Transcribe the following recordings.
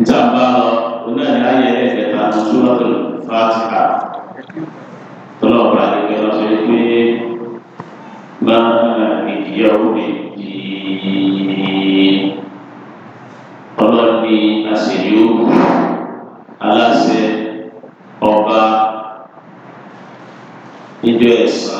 ìjàmbá onáyà ayé ẹ̀ẹ́dẹ̀ta tó súrọ́tò fàtìkà tọ́lọ́ọ̀bà àdìgbẹ́ lọ sí pé máa ìdíyàwó mi di ọlọ́ọ̀ni àṣeyọ aláṣẹ ọba níjọ ẹ̀sán.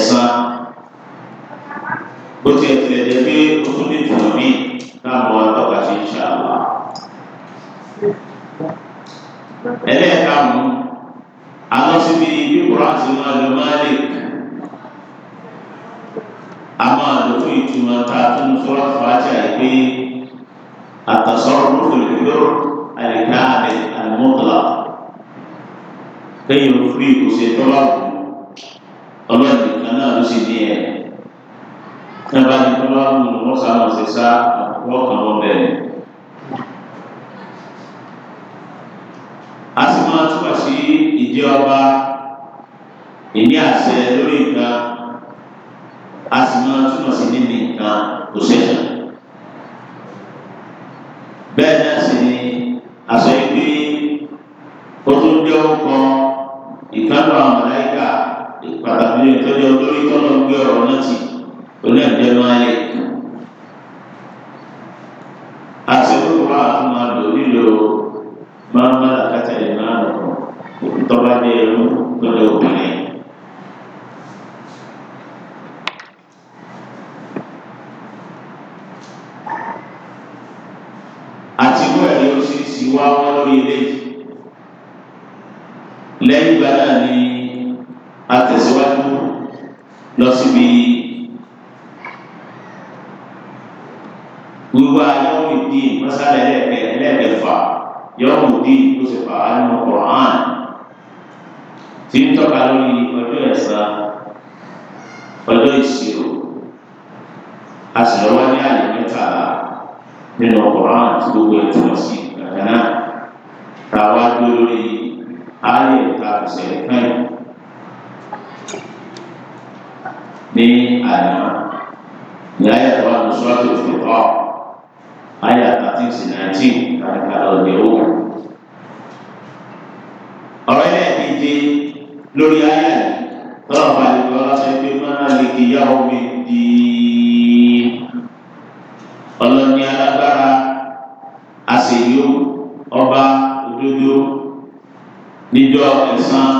ẹ̀sán bó ti ẹ̀sìn ẹ̀jẹ̀ pé o tún ní ìtumọ̀ míì káàmù ọlọ́ka ṣe ń ṣàlá. ẹlẹ́ẹ̀kanu àwọn síbi bíbúrọ̀ àti mọ́lẹ̀ mọ́lẹ̀ àwọn àlòkù ìtumọ̀ tá a tún sọ́ra fàájà yìí pé àtàsọ́rọ̀ lófin lọ́rọ̀ àyíká àbẹ̀ àlùmọ́tòlá kéèyàn fún ìkòsè tọ́lá. ìní ọba ìní àṣẹ lórí nǹkan a sì máa túmọ̀ sí níbi nǹkan. níjọ́ ẹ̀sán.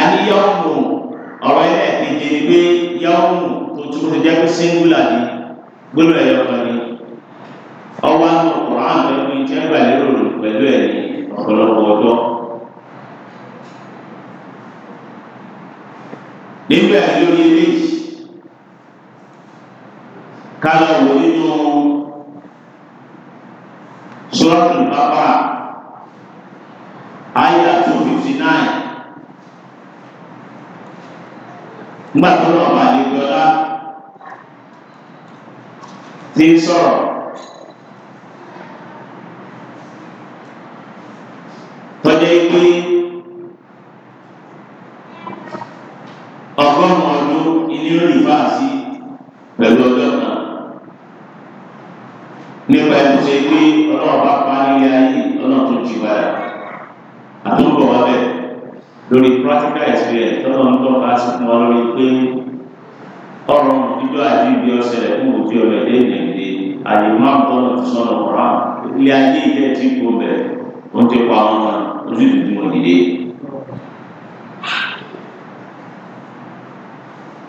àníyọ́mù ọ̀rọ̀ ẹlẹ́ẹ̀kejì ni pé yọ́mù tó tún ti jẹ́ pé síngúlà ni gbọ́dọ̀ ẹ̀yọ́ kan ni ọwọ́ àwọn ọ̀rọ̀ àwọn ẹgbẹ́ ìjẹ́ gbà lérò pẹ̀lú ẹ̀ ní ọ̀pọ̀lọpọ̀ ọjọ́. nígbà tí ó yẹ méjì ká lọ wòye. suratul ayah àyà tó fifty nine ńgbà tó lọ́ọ́ bá lè sọ̀rọ̀.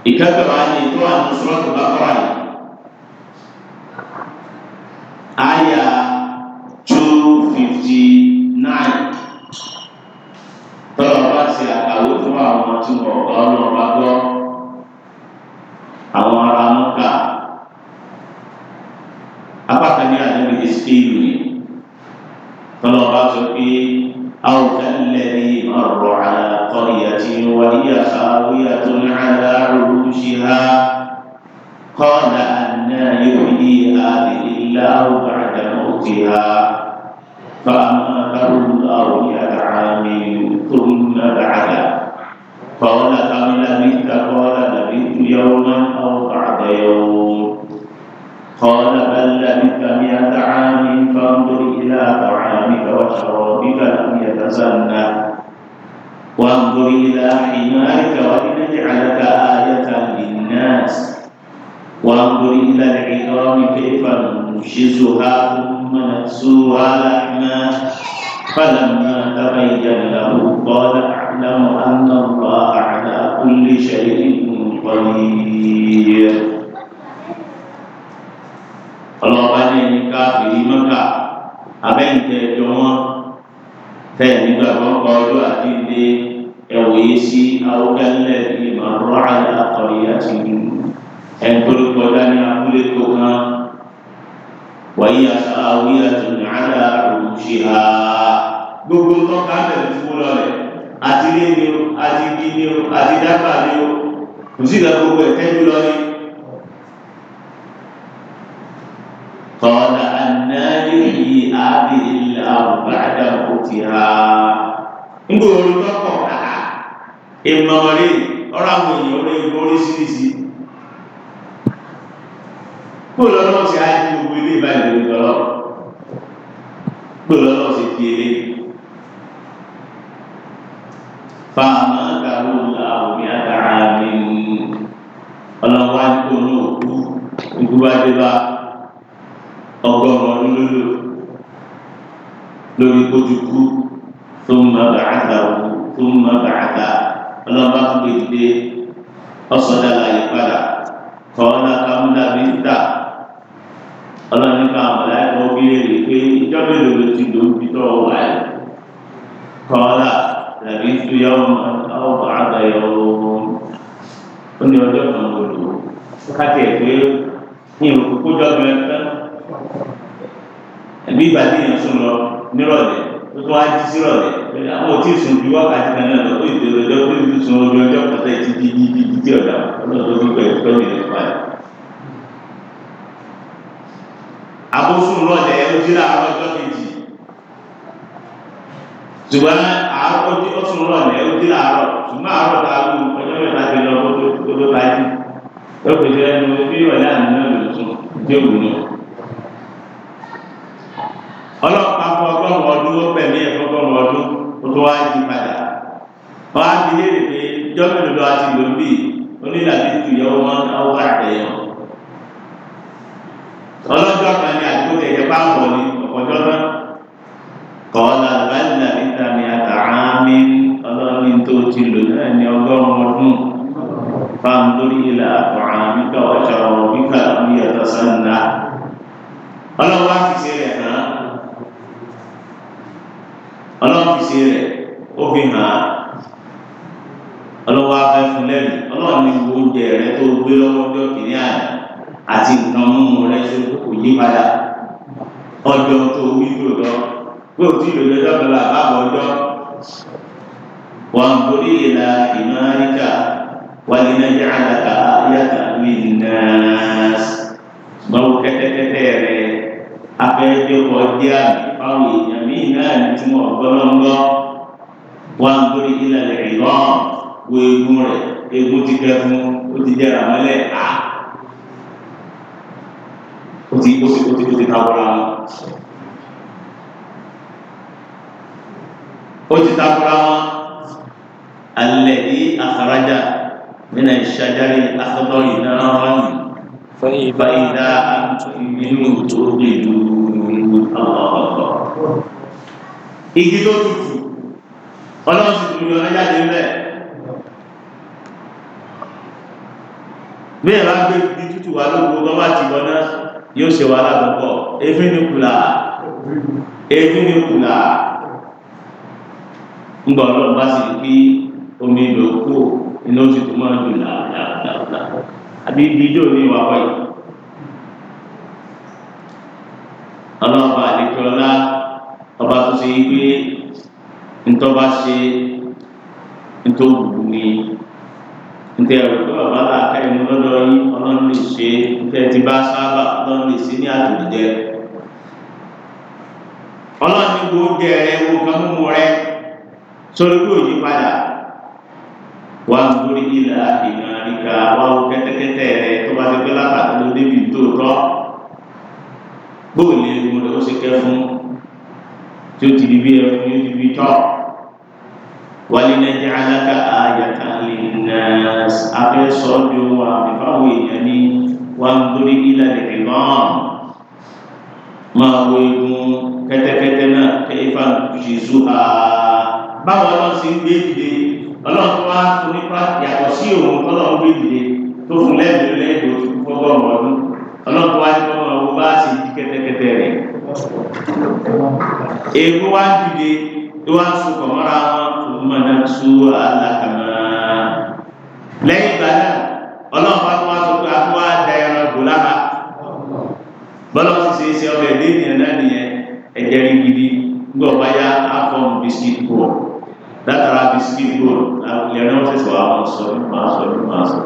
ìkẹ́kọ̀ọ́ wa ni tó wà ní sọ́ọ̀tù bá kọ́ àyè. Aya two fifty nine tọ́lọ̀ bá ti àkàwé fún àwọn tí wọ́n bá ọlọ́run bá gbọ́ àwọn ará mọ́kà. Apákan ní àdébí ìsìkéyìí ni tọ́lọ̀ bá sọ pé àwùjọ ilẹ̀ ní قرية وهي خاوية على عروشها قال أنا يحيي هذه الله بعد موتها فأماته الله مئة عام ثم بعد قال كم لبثت قال لبثت يوما أو بعد يوم قال بل لبثت مئة عام فانظر إلى طعامك وشرابك لم يتسنه وانظر إلى حمارك ولنجعلك آية للناس وانظر إلى العظام كيف ننشزها ثم نكسوها لحما فلما تبين له قال أعلم أن الله على كل شيء قدير الله ní كافر مكة mọ́kà abẹ́ǹtẹ̀ ẹjọ́ wọn tẹ̀ nígbàgbọ́ ẹwòyesi awokẹlẹ ìmọ̀rọ̀ àlẹ́ akọ̀rẹ́ àti ẹnkólókọ̀dá ní abúlé tó kan wàyí àwí àtúnyà àdá òṣì ha gbogbo tọ́ka bẹ̀rẹ̀ fún lọ́lẹ̀ àti ilé ni o àti ibi ni o àti dábàá ni o kò sí ìlà gbogbo ẹ̀kẹ́jú lọ́lẹ̀. tọ́lá ànáyé yìí ábí ilẹ̀ àrùn bá dà ó ti ha. ń gbòòrò tọkọ̀ ìmọ̀ rẹ̀ ọ̀rọ̀ àwọn èèyàn orí orí sírísí kó lọ́nà sí ayé gbogbo ilé ìbáyìí lórí lọ́lọ́ kó lọ́nà sí fi eré fàmà kàwé àwòrán àtàrà mi ọlọ́wọ́ àdúgbò náà kú ìgbúbádébá ọgọ́rùn-ún ọdún lólo lórí kojú kú tó ń bá bàtà tó ń bá bàtà ọlọ́ba tó lè dé ọ̀sọ̀dá láyé padà kọ́ọ́lá kámúdà bí ń tà ọlọ́ni ká àmàlà ẹ̀kọ́ bí èrè pé ìjọ mélòó ló ti lò ń bí tọ́ wà ẹ̀ kọ́ọ́lá tàbí tó yá ọmọ àgbà yọ ó ní ọjọ́ kan ló lò ó káàkiri pé ní òkú kójọ́ kan ẹ̀ tán ẹ̀mí ìbàdí yẹn sùn lọ nírọ̀lẹ́ tó wá jí sírọ̀ rẹ̀ àwọn tí sùn bí wákàtí kan náà lọ ó ìdè ọjọ́ pé ìlú sun orí ọjọ́ pàtó ìtí di di di dídí ọ̀dà ọlọ́dún tó gbẹ ìtọ́jú rẹ̀ padà. àbófún lọ́dẹ ẹ̀ ló jíra àwọn ọjọ́ kejì ṣùgbọ́n àárọ̀ ó sùn ẹ̀ ló jíra àárọ̀ ṣùgbọ́n àárọ̀ ta ló ń ọjọ́ mẹ́ta ti lọ tó tó tó tó ta jí lọ́pẹ̀lẹ́ ẹnu àná ọlọ́pàá fún ọgọ́rùn ọdún ó pẹ̀lú ẹ̀fọ́gọ́rùn ọdún ó tó wá yí padà wọ́n á fi léèrè pé jọ́mìnì lọ́wọ́ ti lò bí onílàbí ju ìyàwó wọn àwọn àtẹ̀yàn ọlọ́jọ́ kan ní àdúgbò ẹ̀yẹ bá wọ̀ ní ọ̀pọ̀jọ́ náà kọ́ọ̀lá báyìí ìtàmì àtàámi ọlọ́run tó ti lò náà ní ọgọ́rùn ọdún fáńdórí ilà àtàámi kọ́ ọ̀ṣọ́ ọ̀rọ̀ wíkà ní ẹ̀tọ́ sọ́nà ọlọ́wọ́ á fi ṣe rẹ̀ náà. àdìsí rẹ̀ ó fi hàn án ọlọ́wọ́ afẹ́ fún lẹ́nu ọlọ́run ní gbogbo oúnjẹ rẹ tó gbé lọ́wọ́ ọjọ́ kìíní àná àti nǹkan mímu rẹ ṣe kò yí padà ọjọ́ tó wí lòdọ́ pé òtí lòdọ́ lọ́dọ̀ àbábọ̀ ọjọ́ wọn kò rí ìlà ìmọ̀láríkà wàlí náà jẹ́ àdàkà yàtà lè nà ṣùgbọ́n kẹ́tẹ́kẹ́tẹ́ rẹ abẹ́jọpọ̀ jẹ́ àbífáwọn èèyàn míì náà ní tí wọ́n gbọ́lọ́gbọ́ wá ń torí ilẹ̀ rẹ̀ lọ́n wo egun rẹ̀ egun ti kẹ́ fún ó ti jẹ́ ràmọ́lẹ̀ á ó ti ó ti ó ti ó ti takora wọn. ó ti takora wọn alẹ́ yìí àkàràjà nínú ìṣàjáde akọ́tọ̀ yìí náà wọ́n yìí. فإذا أنتم منه توقدون الله igi tó tutù ọlọ́run sì tún yọ jáde ńlẹ̀ bí ẹ̀rọ agbé igi tútù wà lóko tó bá ti gbọ́ná yóò ṣe wà lábọ́kọ̀ èéfín ní kùlà èéfín ní kùlà ń gbọ́ ọlọ́run bá sì pín omi lòókù iná sì tún máa ń dùn láàrín àwọn àwọn àwọn àbí ibi ìjọ ní ìwà wáyé. ọlọ́ọ̀bà àdéjọ́lá ọba tó ṣe pé ntọ́ba ṣe ntọ́gbùgbù ni ntẹ ọ̀dọ́ ọ̀bá làákà ìmú lọ́dọ̀ yín ọlọ́run lè ṣe ntẹ ti bá sábà ọlọ́run lè ṣe ní àtòjẹ. ọlọ́run ní gbogbo ẹ̀rẹ́ wo kan mú mu rẹ sórí kò yí padà wá lórí ilà ìgbàlódé wá wo kẹ́tẹ́kẹ́tẹ́ rẹ tó bá ti pẹ́ látàkùn ló débi tó tọ́ gbóòlì ewu rẹ ó ṣe kẹ́ fún tí ó ti di bí ẹfun yóò ti di tọ́ wálé nàìjíríà alága àyàkà lè nà afẹ́sọ́ bí wọn àmì fáwọn èèyàn ní wá lórí ilà máa wo egun kẹ́tẹ́kẹ́tẹ́ náà kẹ́ ifá ṣìṣú àá báwọn ọlọ́sìn gbé dìde ọlọ́run tó wá fún nípa yàtọ̀ sí òun tọ́lọ́run gbé dìde tó fún lẹ́yìn lẹ́yìn tó fọ́gọ́rùn ọdún ọlọ́run tó wá ní kọ́ ọmọ ọwọ́ bá sì di kẹ́tẹ́kẹ́tẹ́ rẹ̀. èèkó wá ń dìde tó wá ń sọkọ̀ mọ́ra wọn fún mọ́nà tó alákàmá. lẹ́yìn ìgbà náà ọlọ́run bá tó wá sọ pé akó wá da ẹran gò lára bọ́lá ti ṣe é ṣe ọbẹ̀ lẹ́yìn náà nìyẹn ẹ̀jẹ̀ rí gidi gbọ́ látara bisikì gbò lẹ́nu ọ̀sẹ̀ sọ àwọn sọ ní màá sọ ní màá sọ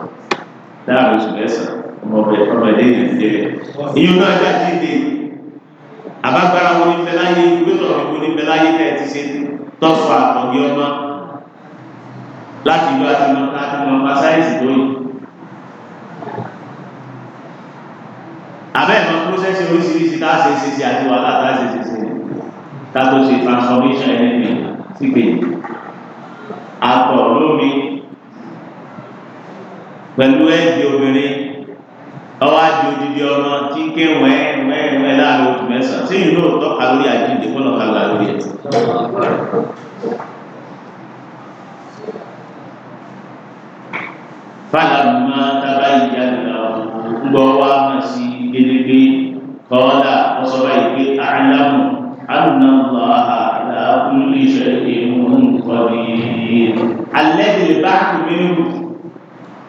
láàrin oṣù mẹ́sàn-án ọmọbẹ ọmọdé yìí ti rẹ̀ èyí náà já dédé àbágbára wọn ní bẹ́láyé gbẹ́tọ̀ ní wọn ní bẹ́láyé ká ẹ̀ ti ṣe tọ́fà ọ̀gẹ́ ọmọ láti ìlú àti mọ láti mọ ọmọ sáyẹ́ǹsì tó yìí. abẹ́ ìmọ̀ pọ́sẹ́sì oríṣiríṣi tá a ṣe ṣe ṣe àti wàhálà tá a ṣe ṣe ṣe tá a tó ṣe transformation ẹni sí pé àtọ̀ lómi pẹ̀lú ẹ̀jẹ̀ obìnrin ọwọ́ àjò odidi ọmọ tí ń ké wẹ́ẹ́ wẹ́ẹ́ wẹ́ẹ́ láàrin oṣù mẹ́sàn-án tí ìlú òótọ́ kàlórí àjíǹde kọ́nà kàlà lórí ẹ̀. fàlàmà tàbáyìí àgbà gbọ́ wá mà sí gédégbé kọ́ọ́dà ọ̀sọ́bà ìgbé àlámù àlùnàmù àhà àlàkùnrin ìṣẹ̀lẹ̀ ìmúhùn قدير الذي البعث منه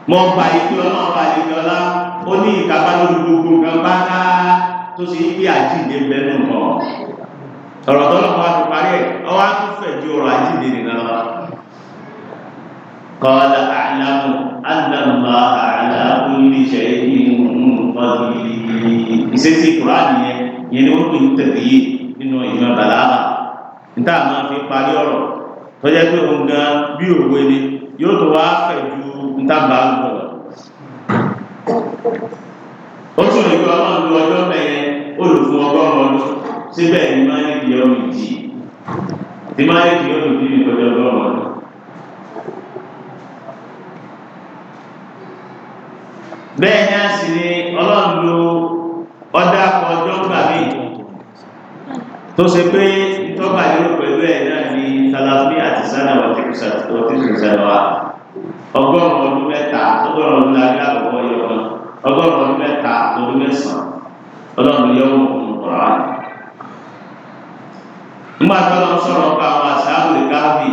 mọ ọba ìpè ọlá ọba ìpè ọlá ó ní ìkápá lórí gbogbo nǹkan pátá tó ṣe ń àjíǹde bẹnu nǹkan ọ̀rọ̀ tọ́lọ̀ wa ti parí ẹ̀ ọwọ́ á tún fẹ̀ ju ọ̀rọ̀ àjíǹde nìkan lọ. kọ́lá àlámù àlámù àlámù iléeṣẹ́ ìmùkọ́bí ìṣesí kùránì yẹn yẹn ni wọ́n pè ń tẹ̀lé yìí nínú ìmọ̀ bàlágà níta fi parí ọ̀rọ̀ tọ́jà pé òun gan bí òwe ni yóò tó wá fẹ̀ ju ntàbà ń bọ̀ ó tún lè gbọ́ ọmọ lu ọjọ́ mẹ́yẹ olùfún ọgọ́rùn ọdún síbẹ̀ ní máa ń di ọmọ ìdí ní máa ń di ọmọ ìdí ní ọjọ́ ọgọ́rùn ọdún. bẹ́ẹ̀ ni a sì ní ọlọ́run lo ọ̀dà ọjọ́ gbà mí tó ṣe pé ìtọ́gbà yóò pẹ̀lú ẹ̀ náà. ثلاثمائة سنة وتسع سنوات ọgọ́rùn ọdún mẹ́ta ọgọ́rùn ọdún lábẹ́ àkọ́kọ́ yọ ọ ọgọ́rùn ọdún mẹ́ta ọdún mẹ́sàn ọlọ́run yọ wọn kún ọ̀rọ̀ àná. nígbà tó lọ sọ̀rọ̀ pa àwọn àṣàbò ìkáàbì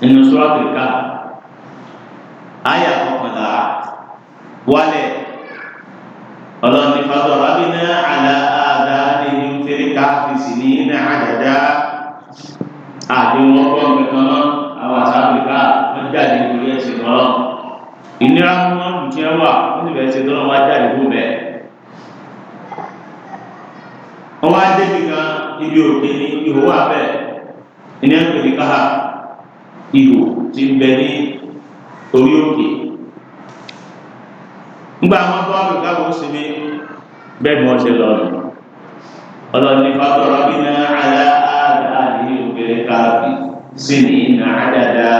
nínú sọ̀rọ̀ àfíríkà àyà kọkànlá wálẹ̀ ọlọ́run ní fàtọ̀ rábìnrin àlà àdáni ní fẹ́rẹ́ káfíìsì ní ní àdàdà àdéhùn ọgbọ́n kankan náà àwọn àti áfíríkà wọ́n jáde lórí ẹ̀sìn náà ìnira fún wọn kù tiẹ̀ wà wọ́n sì bẹ̀rẹ̀ sí tọ́lọ́ wọn jáde kó bẹ́ẹ̀. wọ́n wá débi kan ibi òkè ní ihò wà bẹ́ẹ̀ ìní ẹ̀kọ́ ní káhà ihò ti ń bẹ ní orí òkè. ńgbà wọn bọ́ áfíríkà wọ́n sì ní bẹ́ẹ̀ ni wọ́n ṣe lọ́ọ̀dù ọlọ́ọ̀ni fatọ́rọ́ bí náà àlá الكهف sini عددا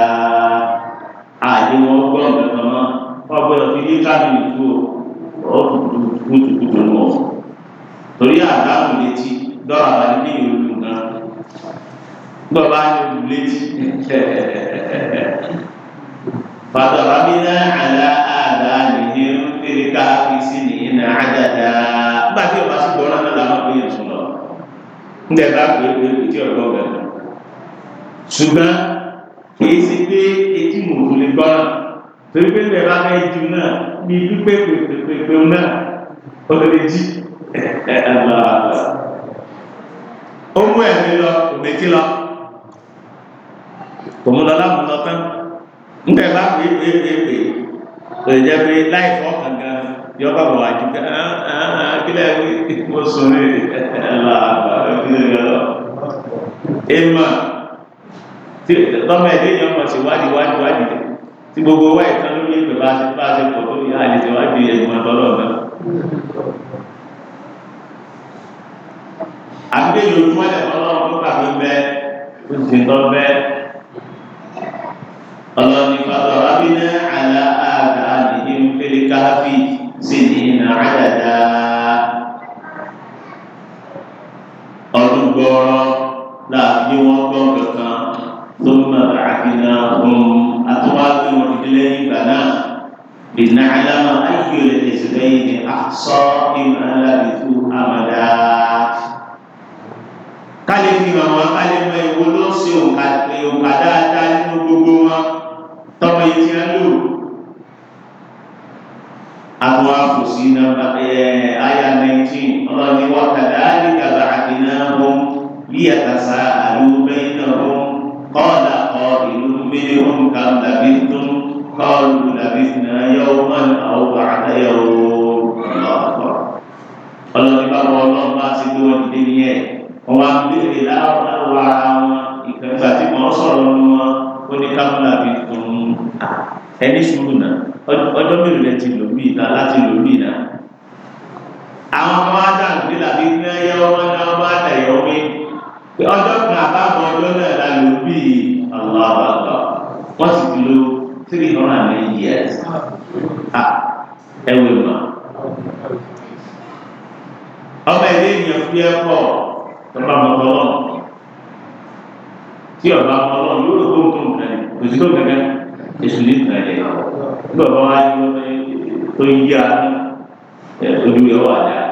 àyè wọn gbọ́ nǹkan mọ́ wọ́n gbọ́dọ̀ fi ní kábìnì tó o kùtùkùtù nù ọ́ torí àdáhùn létí dọ́rọ̀ àbálẹ́ ní ìlú nǹkan gbọ́ bá ní olú létí fàtàràmínà àlá àdá nìyẹn fèrè káfí sí nìyẹn náà àdàdà nígbà tí o bá sì gbọ́ náà lọ́la máa gbé yẹn sùn lọ bá gbé pé kí ọ̀gbọ́n ṣùgbọ́n kìí sí pé etí mòtò lè gbọ́ torí pé bẹ́ẹ̀ bá fẹ́ ju náà bí pípé pèpèpèpè náà ó lè jí ó mú ẹ̀mí lọ òmèkí lọ tòmúlọ láàmú lọ tán nígbà bá pè é pè é pè lè jẹ́ pé láì fọ́ kankan yọ bá wà ju pé ah, ah, ah, kílẹ̀ mo sọ ní ẹ̀ ẹ̀ là ẹ̀ ẹ̀ lọ ẹ̀ mọ̀ tí lọ́mọ ẹ̀dẹ́ yẹn mọ̀ sí wádìí wádìí wádìí rẹ̀ tí gbogbo wa ìtàn lórí ìgbẹ́ bá ṣe bá ṣe pọ̀ tó yá àlè tí wádìí ẹ̀gbọ́n tọ́lọ̀ náà. àgbéyìí ojúmọ́ ẹ̀ ọlọ́run tó kà fún bẹ́ẹ̀ ó sì tọ́ bẹ́ẹ̀ ọlọ́ni fàtọ̀ rábínà àlà àgbà nìyí ń fẹ́lẹ́ káfí sí ní ìnáwó dáadáa ọdún gbọ́ọ́rọ́ láàbí wọn gbọ́n kankan. ثم بعثناهم أطوال رجلين بنا لنعلم أي الحزبين أحصى لما لبثوا أمدا kálí fi hàn wọn kálí mọ ewu ló ń ṣe òǹkà dáadáa nínú gbogbo wọn tọmọ etí ẹ lò àwọn afòsí nọ́mbà ẹ àyà nineteen ọlọ́ni wọ́n kàdá ní kàbà àdínà wọn bí àtàsà àlùbẹ́yìn náà wọn. قال قائل منهم كم لبثتم قالوا لبثنا يوما أو بعد يوم الله أكبر الله أكبر الله ما سيدوا الدنيا وما بير لا ولا ìkẹta tí wọ́n sọ̀rọ̀ ní wọn ó ní kámúlà bíi tòun ẹni sùúrù náà ọjọ́ mélòó lẹ ti lò mí iná láti lò mí iná. àwọn ọmọ adá gbé làbí ní ẹyẹ ọmọ náà ọmọ adá ẹ̀yọ́ mi ọjọ́ kan àbámọ̀ ọjọ́ náà la lò bí àwọn àbàbà wọ́n sì ti lo three hundred and eight years ẹ̀wẹ̀ mọ́. ọmọ ẹ̀dẹ́ ènìyàn fi ẹ́ pọ̀ tọ́ba mọ́tọ́lọ́ tí ọba mọ́tọ́lọ́ yóò lò kó tó nǹkan kò sí tó nǹkan èsù ní nǹkan yẹn nígbà bá wá yí ọmọ tó yí ara ojú ẹ̀ wà dáa.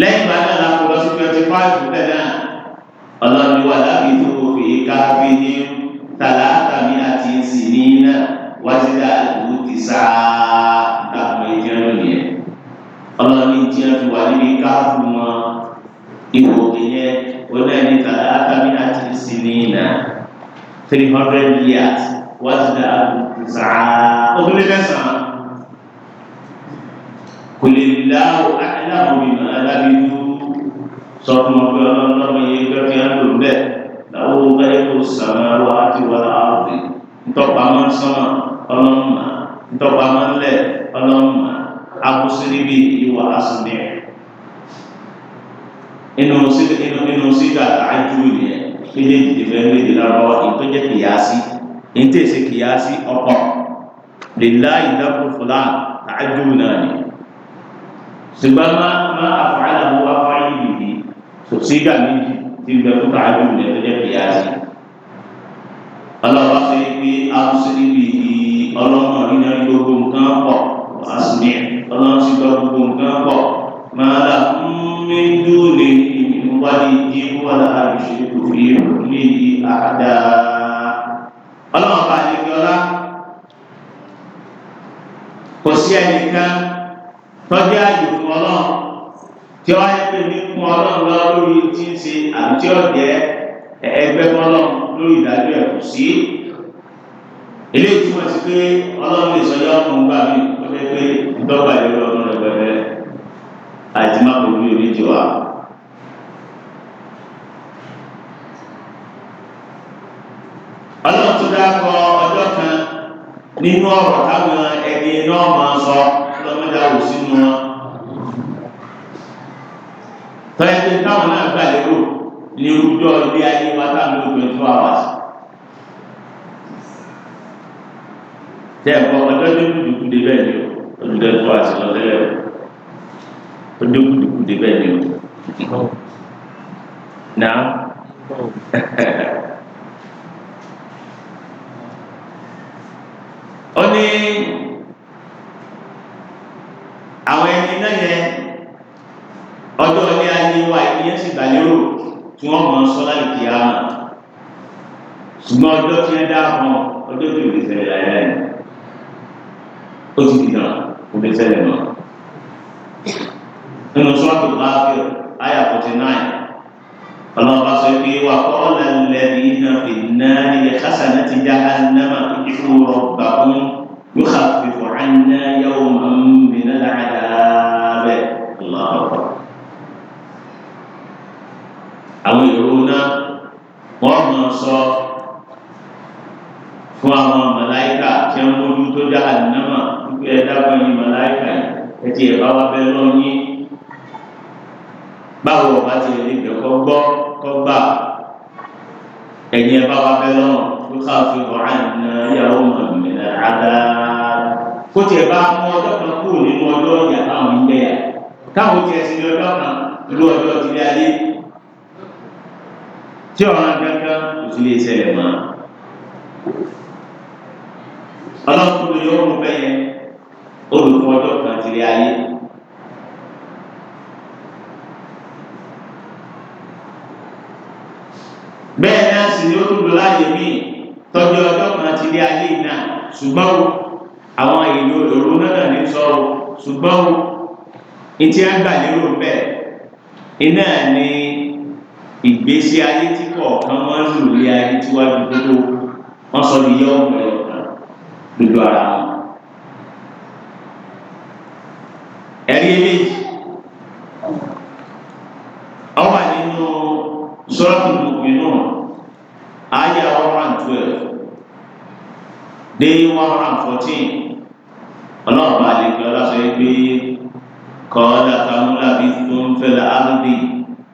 lẹ́yìn bá náà lápò lọ sí twenty five bẹ́ẹ̀ náà ọlọ́run wà lábì tó kò fi ká fi ní tàlàtà mi àti ìsìn ní náà wá sí dá ìlú ti sá dàpọ̀ ẹ̀jẹ̀ lónìí ẹ̀ ọlọ́run fi wà níbi ká fún wọn ìwò ìyẹn tàlàtà mi àti ìsìn three hundred years wá sí dá ìlú ti sá ó lé mẹ́sàn-án kò lè dá aláwọ̀ mi náà lábí dúró sọ fún ọgbẹ́ ọlọ́mọ yẹn gbẹ́kẹ́ á lò bẹ́ẹ̀ láwọn ọgbẹ́ kò sàmà wá ti wà láàbì ntọ́pá máa ń sọ́nà ọlọ́mọ ntọ́pá máa ń lẹ̀ ọlọ́mọ akusiri bi ìwà asùnìyẹ inú inú inú sígà àjú yẹn méjèèjì tẹ̀lé méjì lọ́wọ́ ìtọ́jẹ́ kìyàsí ní tẹ̀sí kìyàsí lè láyìí dákú fúlàn àjú náà ni ṣùgbọ́n má má àfààní àwọn afáyé nìyí kò sí ìgbà méjì tí gbẹ fún káàdùn ilẹ̀ tó jẹ́ kìí àṣẹ. ọlọ́wọ́ ṣe pé àwùsílì bìí ọlọ́run nínú gbogbo nǹkan pọ̀ àṣìmí ọlọ́run sì gbọ́ gbogbo nǹkan pọ̀ máa dà mí dúró lè ìwádìí ìdí wàlá àrùṣe kò fi lè yí àdá. ọlọ́run bá yẹ kí ọlá kò sí ẹnìkan tọ́jú àyè fún ọlọ́run tí ó wáyé pé ní fún ọlọ́run lórí tí ń ṣe àbí tí ó jẹ́ ẹgbẹ́ fọlọ́run lórí ìdájọ́ ẹ̀ kù sí. eléyìí túmọ̀ sí pé ọlọ́run lè sọ yọ ọkùnrin gbà mí tó fẹ́ pé ìtọ́gbà yóò ọdún rẹ̀ pẹ́pẹ́ àti má kò ní wa. ọlọ́run tó dáa kọ ọjọ́ kan nínú ọ̀rọ̀ táwọn ẹni náà máa sọ dá o sínú wọn. Tọ́yẹ́tẹ́ táwọn náà gbà lérò ní irújọ́ ilé ayé wa táwọn ló twenty four hours. Tẹ́ ẹ̀kọ́ ọjọ́ tó kùdùkù dé bẹ́ẹ̀ ni o, ojú twenty four hours lọ tẹ́lẹ̀ o, bẹ́ẹ̀ ni o. Náà. Ó ní àwọn ẹni náà yẹn ọjọ́ ilé ayé wa ìyẹn sì gbà lérò tí wọ́n mọ̀ sọ láì kí á mọ̀ ṣùgbọ́n ọjọ́ tí wọ́n dá hàn ọjọ́ tí òde ṣẹlẹ̀ láyé ó ti dìgbà òde ṣẹlẹ̀ mọ́ nínú sọ́ọ̀tù láàfin àyà forty nine ọlọ́ọ̀bá sọ pé wà kọ́ọ̀lá lẹ́yìn náà fi náà ní kásánà ti dá hàn náà ìfúrọ̀ gbàgbọ́n. يخفف عنا يوما من العذاب الله أكبر àwọn ìró náà wọ́n mọ̀ sọ fún àwọn màláìkà tí wọ́n mójú tó dá àdínámà wípé ẹ̀dá wọn ni màláìkà ẹ̀tì ẹ̀bá wa bẹ́ lọ́yìn báwo ọba ti lè gbẹ̀kọ́ gbọ́ kọ́ gbà ẹ̀yìn ẹ̀bá wa bẹ́ lọ́wọ́ yukhafifu anna yawman min al-adhab kó tiẹ̀ bá mú ọjọ́ kan kúrò nínú ọjọ́ ìyà táwọn ń bẹ̀yà káwọn tiẹ̀ sí ní ọjọ́ kan ìlú ọjọ́ ti dé ayé tí ọ̀ràn gángan kò sí lè ṣẹlẹ̀ mọ́ ọlọ́kùnrin yóò mú bẹ́yẹ olùkọ́ ọjọ́ kan ti dé ayé. bẹ́ẹ̀ náà sì ni ó tún lò láàyè míì tọ́jú ọjọ́ kan ti lé ayé náà ṣùgbọ́n o àwọn èèyàn òdòdó náà ní sọ o ṣùgbọ́n o etí á gbà lérò bẹ́ẹ̀ iná ni ìgbésí ayé tí kọ̀ọ̀kan wọ́n ń lò lé ayé tí wọ́n ti gbogbo wọ́n sọ ní yọ̀ọ́ mọ̀ ẹ̀yọ̀ kan lójú ara wọn. ẹ̀rí eléyìí ọ wà nínú sọ́ọ̀tù gbogbo náà ayé àwọn one twelve. dé one hundred and fourteen ọlọ́run bá lè gbé ọlọ́sọ yìí pé kọ́ọ́dà kamúlà bí tó ń fẹ́ la ágbè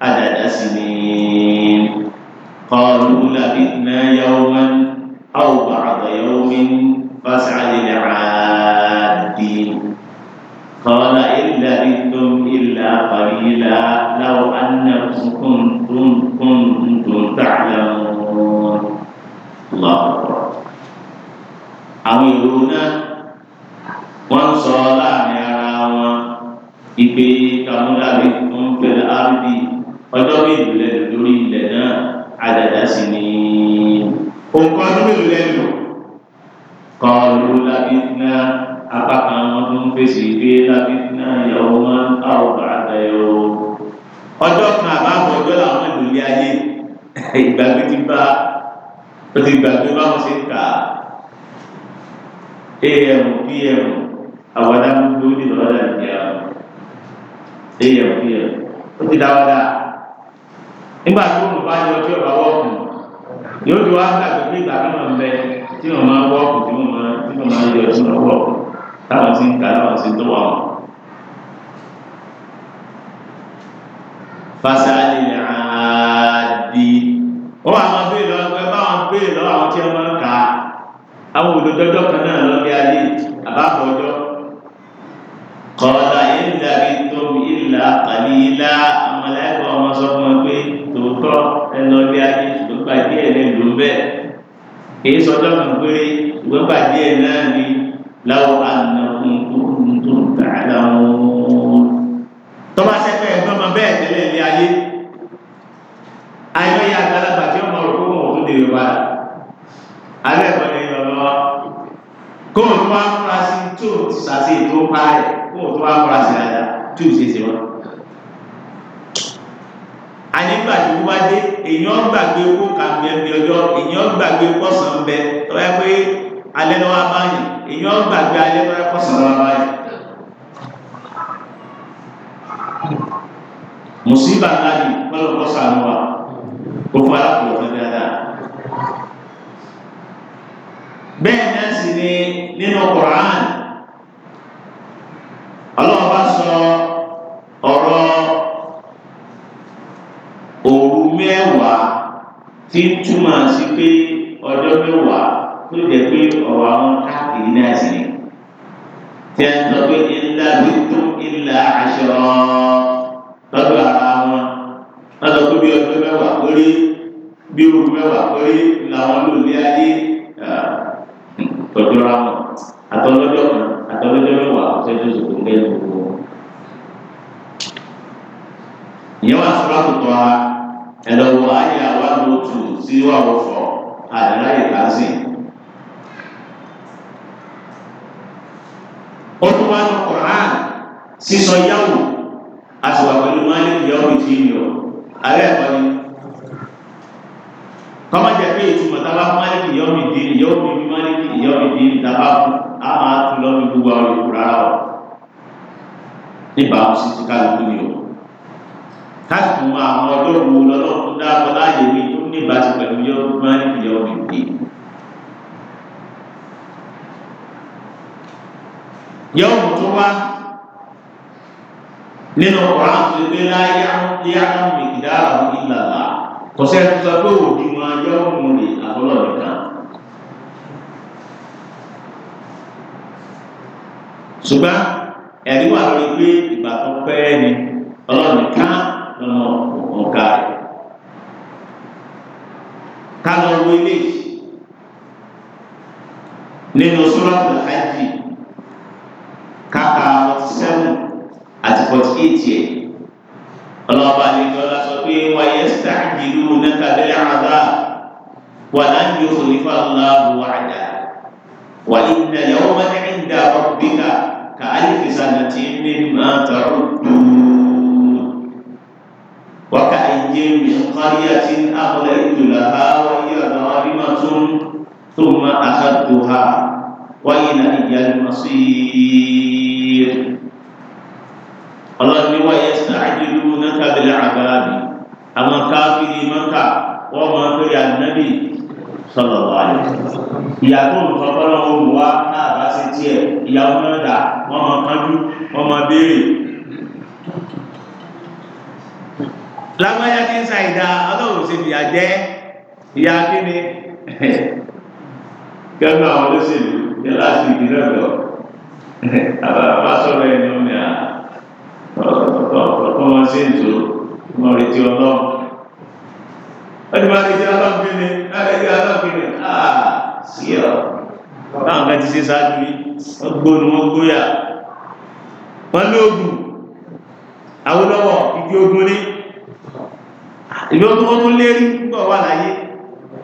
àdàdà sí ni kọ́ọ́dù làbí ná yàwó wọn àwọn bàbá yàwó mi fásitì lè rà dì í tó ń á dé. قال إن لبثتم إلا قليلا لو أنكم كنتم كنتم تعلمون الله أكبر àwọn ìlú náà wọ́n ń sọ kamu ara wọn ìpè kàmúdàbí ń pẹ̀lú ábíbí ọjọ́ mélòó lẹ́nu lórí ilẹ̀ dulu. àdàdà sì ni òǹkọ́ ọdún mélòó lẹ́nu kọlu labitna apákan wọn tún fèsì pé labitna yàwó máa ń ta ọgbà àtẹyọ ọjọ́ kan àbáwọn ọjọ́ am pm àwàdà gbogbo ó dìbò lọ́dà nìyà am pm ó ti dá wàdà nígbà tó ń bá yọ ọjọ́ ìbá wọ́ọ̀kù yóò di wá gbàgbé pé ìgbà kan máa ń bẹ tí wọ́n máa wọ́ọ̀kù tí wọ́n máa tí wọ́n máa yọ ọjọ́ ìbá wọ́ọ̀kù táwọn sì ń ka táwọn sì tó wà wọ́n. Fasa alẹ́ àdì. Wọ́n wà máa àwọn òdòdójọ́ kan náà lọ́bí ayé àbáfọ̀ ọjọ́ kọ́ọ̀dà ìlà ètò ìlà àtàlí ìlà àmàlẹ́kọ̀ ọmọ sọ fún ọ pé tòótọ́ ẹ lọ́bí ayé ṣùgbọ́n gba díẹ̀ lè lò bẹ́ẹ̀ èyí sọjọ́ kan péré ṣùgbọ́n gba díẹ̀ náà ni láwọn ànàkùn kúrú tó ń tà láwọn. tọ́ba sẹ́fẹ̀ẹ́ gbọ́n bẹ́ẹ̀ tẹ́lẹ̀ ní ayé ayé alẹ́ ìwọlé yọ lọ kó o tó wá múra sí tó o ti sàṣe tó parẹ́ kó o tó wá múra sí dáadáa tó o ṣe ṣe wọn. àyẹ̀gbà tó wá dé èèyàn gbàgbé owó kan bẹ́ẹ̀ ọjọ́ èèyàn gbàgbé pọ̀sán bẹ́ẹ̀ tọ́wọ́ ẹ pé alẹ́ lọ́wọ́ abáyìn èèyàn gbàgbé alẹ́ lọ́wọ́ pọ̀sán lọ́wọ́ abáyìn. musiba ńlá ni kọlọkọ sànù wa kó fún alákùnrin ọ̀fẹ́ dáadáa bẹ́ẹ̀ náà sì ni nínú Qur'an ọlọ́ọ̀bá sọ ọ̀rọ̀ òru mẹ́wàá tí ń túmọ̀ sí pé ọjọ́ mẹ́wàá tó jẹ́ pé ọ̀rọ̀ àwọn káàkiri náà sì ni tí a ń sọ pé illa bitum illa ashra lọ́dọ̀ ara wọn lọ́dọ̀ pé bí ọjọ́ mẹ́wàá péré bí òru mẹ́wàá péré làwọn lò ní ayé kọjọra wọn atọlọjọ kan atọlọjọ mẹ́wàá ọ̀sẹ̀ tó sòkò ń gẹ́gẹ́ gbogbo wọn. ìyẹn wà sọ́ra tuntun ara ẹ̀lọ́wọ́ ayé àwọn àlòtù sí wàwọ̀ fọ́ àdàlá ìkásí. ó tún wá ní Qur'an sísọ yáwò àtiwà pẹ̀lú mọ́lẹ́ ìyàwó ìtì ìyọ̀ ààrẹ ẹ̀kọ́ ni kọ́mọ́jà pé ìtumọ̀ tábà mọ́lẹ́ ìyàwó ìdí ìyàwó ìbí mọ́lẹ́ ìyọ́ ìdí ìdáhà á máa tu lọ́nu gbogbo àwọn ìkú rárá o nípa sí ti kálukú ni o káàkiri mọ àwọn ọlọ́run wo lọ́lọ́run dá bọ́lá yèmí tó ní ìbáṣe pẹ̀lú yọ máa ń yọ ìdí. yọ̀wù tó wá nínú ọ̀rá tó gbé láyé yára mi ìdáhà ìlàlá kọ̀sẹ́ tó sọ pé òdiwọ̀n yọ̀wù rè àbọ̀lọ̀ nìkan. ṣùgbọ́n ẹ̀rí wà lórí pé ìgbà tó pẹ́ ni ọlọ́run ká lọ́nà ọ̀gá rẹ̀ ká lọ wo eléyìí nínú sọ́rọ́tù hajj kápá forty seven àti forty eight yẹ ọlọ́ọ̀bá àlejò ọlá sọ pé wáyé sàkìlú nàkàbẹ́lẹ́ àdá wà láǹdí òfòlífà ńlá bu wàdà wà ní ìnáyàwó mẹ́tẹ́ẹ̀ẹ́dà ọ̀gbìnà. كألف سنة مما تعدون وكأي من قرية أغليت لها وهي ظالمة ثم أخذتها وإلي المصير الله ويستعجلونك بالعذاب أما كافر مكة وما في النبي sọ̀rọ̀ wà lẹ̀. ìyàtọ̀ olùkọ́kọ́lọ́ ohun wa náà bá sí tiẹ̀ ìyàwó náà dà wọ́n mọ kánjú wọ́n mọ béèrè. lágbáyá kí n sa ìdá ọlọ́run sì fìyà jẹ́ ìyá kíni kẹ́nu àwọn olóṣèlú yẹ láti ìdílé ọ̀dọ́ àbá sọ̀rọ̀ ẹni ọ̀nà ọ̀tọ̀ ọ̀tọ̀ wọn sì ń tó ọlọ́run wọ́n ti bá lè jẹ́ ọlọ́gbìn ni lálẹ́ jẹ́ ọlọ́gbìn ni áà sí ọ báwọn kan ti ṣe ṣáájú yìí wọ́n gbóni wọ́n gbóyà wọ́n lóògùn Awólọ́wọ̀ igi ogun ní ìlú ọdún ọdún lérí púpọ̀ wà láyé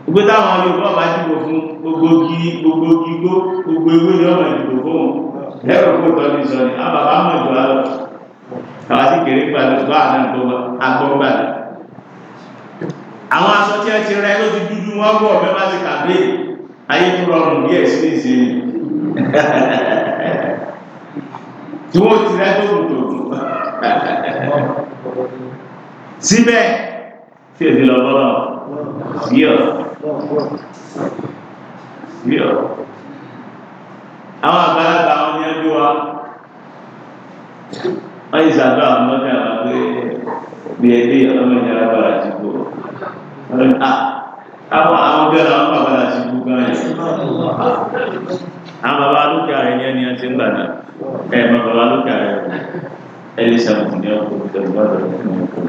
gbogbo táwọn Yorùbá bá dìbò fún gbogbo igi gbogbo igbó gbogbo ewé ni ọmọ ìdìbò fóun lẹ́rọ kó tọ́ ní sọ ni àbàbà mọ̀ ìjọ lọ àwọn àti kéré gbàdúrà àgbọ̀ngbàdúrà àwọn aṣọ tí ẹ ti rẹ ló ti dúdú wọn wọ ọbẹ bá ti kàgbé ayé tó rọrùn díẹ̀ sí ìsìn tí wọn ti rẹ tó rùn tó síbẹ̀ tí èdè lọ bọlọ yíyọ yíyọ àwọn àgbàlagbà àwọn ní ẹbí wa wọn yìí ṣàdúrà àwọn ọmọdé àwọn pé bí ẹbí ọlọmọdé alágbára ti kú àwọn àwọn bẹ́ẹ̀ àwọn bàbá àti gbogbo ayé àwọn bàbá lókè ààrẹ ni ẹni àti ńgbà náà ẹ mọ bàbá lókè ààrẹ ẹ lè ṣàkóso ní ọkọ òkúta ìgbà tó ń fún ọkọ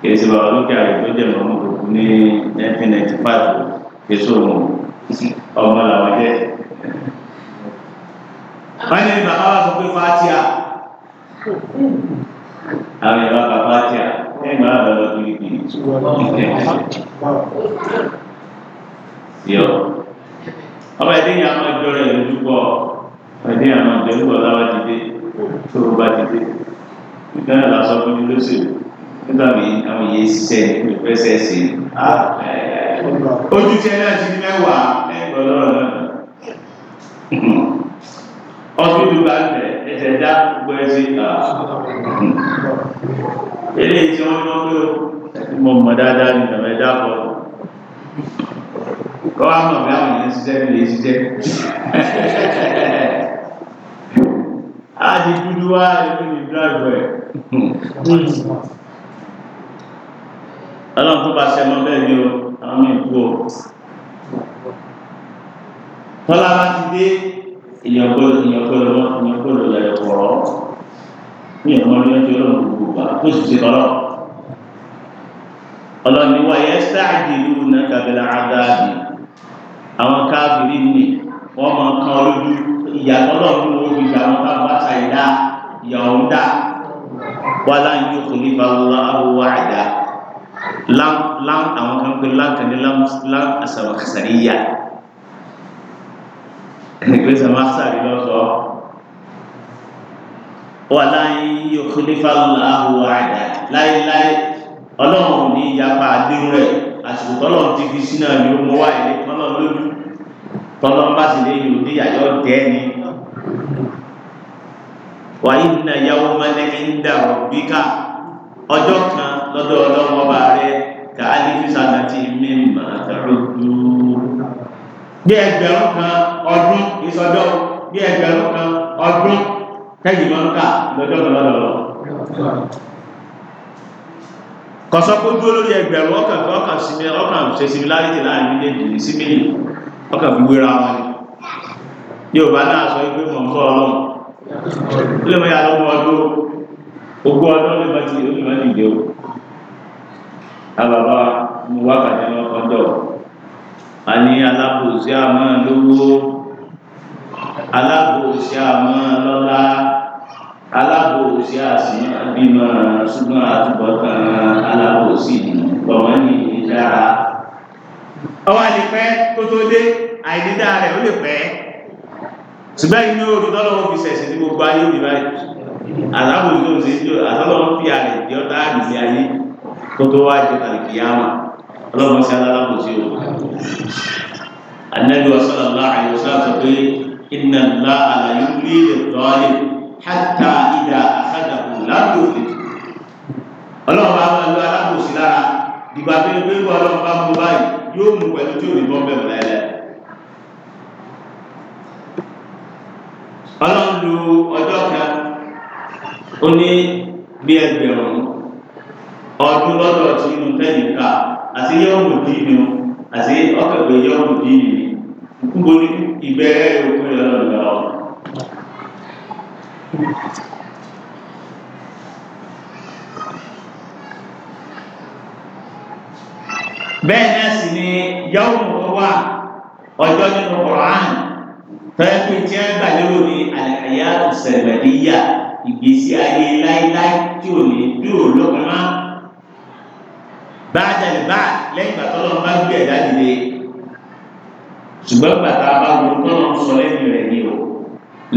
kèsì bàbá lókè ààrẹ tó jẹ mọ ọmọ òkú ní 1995 kèsì òun ọmọ làwọn jẹ. wọ́n ní bàbá wa sọ pé fàtíà àwọn ìyàwó bàbá fàtíà ẹ máa lọ lọ kiri kiri yọ ọba ẹdí yẹn àwọn ẹjọ rẹ lójú bọ ẹdí yẹn àwọn ẹjọ lójú bọ láwa ti dé tó o bá ti dé nígbà yẹn la sọ fún mi lóṣèlú nígbà mi àwọn yẹn ṣiṣẹ́ ìfẹsẹ ṣe ojú tí É náà ti ní mẹ́wàá ẹ gbọ́dọ̀ náà ọsùn ìdúgbà ń bẹ ẹsẹ eléyìí tí wọ́n gbọ́ pé ó mọ̀ mọ̀ dáadáa ní ìdàmẹ́ dáàbọ̀ kọ́ wá mọ̀ bí àwọn èèyàn ṣiṣẹ́ ní lè ṣiṣẹ́ á di dúdú wá ìlú ní dúráìbù ẹ̀ ọlọ́run tó bá ṣe mọ́ bẹ́ẹ̀ ni o àwọn mi kú o tọ́lá bá ti dé ìyànkó ìyànkó lọ́wọ́ ìyànkó lọ́wọ́ ẹ̀kọ́ ní ẹ̀mọ́ ní ọjọ́ ọlọ́run gbogbo gbà ó sì ti tọ́lọ́ ọlọ́ni wa yẹ sáàdìlú na kàbílà àdáàbì àwọn káàbìrì ní wọ́n máa kan olójú ìyàtọ̀ lọ́run ló fi gbà wọn bá bá ṣàìdá ìyàwó ń dà wà láyé yóò kò ní bá wà àdá lan àwọn kan pé lan kan ní lan àṣàwàkàṣàríyà ẹgbẹ́ sàmásàrí lọ́sọ̀ọ́ wàlá yọkùnlẹ́fà làwù àdá láéláé ọlọ́run ní ìyapa àdéhùn rẹ̀ àsìkò tọ́lọ́run ti fi sínú àmì ọmọ wa ilé tọ́lọ́run lójú tọ́lọ́run bá sì léyìn òde yàyọ́ dẹ́ ni. wàyí nà yàwó mẹ́lẹ́kì ń dà wọ́n bí ká ọjọ́ kan lọ́dọ̀ ọlọ́run ọba rẹ̀ ká alifisa nàti mímà àtàrọ̀dù. bí ẹgbẹ̀rún kan ọdún ìsọjọ́ bí ẹgbẹ̀rún kan ọdún kẹ́yìn máa ń kà lọ́jọ́ kan lọ́dọ̀ lọ. kọ̀sọ́ kó dúró lórí ẹgbẹ̀rún ọkàn fún ọkàn sí mi ọkàn ṣe similarity láàrin méjèèjì ní símìlì ọkàn fi wéra wọn ni yóò bá náà sọ pé mọ̀ ń sọ ọlọ́run ilé mọ̀ yà lọ́gbọ̀n ọdún ogún ọdún lè má ti lè má ti dé o. àbàbà mo wá kàdé lọ́kọ̀ọ́dọ̀ a ní alábòsí àmọ́ lówó alábòsí àmọ́ lọ́lá alábòsí àsìn bímọ ṣùgbọ́n àtúbọ̀tán alábòsí lọ́wọ́ ní ìdára. ọwọ́ àdìpẹ́ tó tó dé àìdídá rẹ̀ ó lè pẹ́ ṣùgbọ́n inú orí tọ́lọ́wọ́ fi ṣẹ̀ṣẹ̀ ní gbogbo ayé òbí báyìí àlábòsí tó ń ṣe jù àtọ́lọ́wọ́ fi àrẹ̀ ìdí ọ̀tá àgbèsí ayé kó tó wá jẹ kàlìkìyàmà ọlọ́run sí alábòsí òun. Ànábì sallallahu alaihi wasallam sọ pé inna allaha la yuli lidh-dhalim hatta idha akhadahu lam yuflithu ọlọ́run bá máa lo alábòsí lára ìgbà tó yẹ pé ń bọ̀ ọlọ́run bá mú báyìí yóò mú pẹ̀lú tí ò ní bọ́ bẹ̀rù lẹ́lẹ́. ọlọ́run lo ọjọ́ kan ó ní bí ẹgbẹ̀rún ọdún lọ́dọ̀ tí inú tẹ́yìn ká àti yẹ́wò dì àti ọkọ̀ pé yẹ́wò níbo ni ìbẹ̀rẹ̀ òkun ìlànà ìgbà ọ̀. bẹ́ẹ̀ náà sì ni yàwó tó wà ọjọ́ nínú Quran tọ́yẹ́ pé tí wọ́n gbà lérò ní àyà ìsẹ̀lẹ̀díyà ìgbésí ayé láíláí tí ò ní dúró lọ́kàn máa bá a bá lẹ́yìn ìgbà tọ́lọ́ bá gbé ẹ̀dá dìde ṣùgbọ́n gbàtà bá wo tọ́lọ̀ ń sọ lẹ́yìn rẹ̀ ní o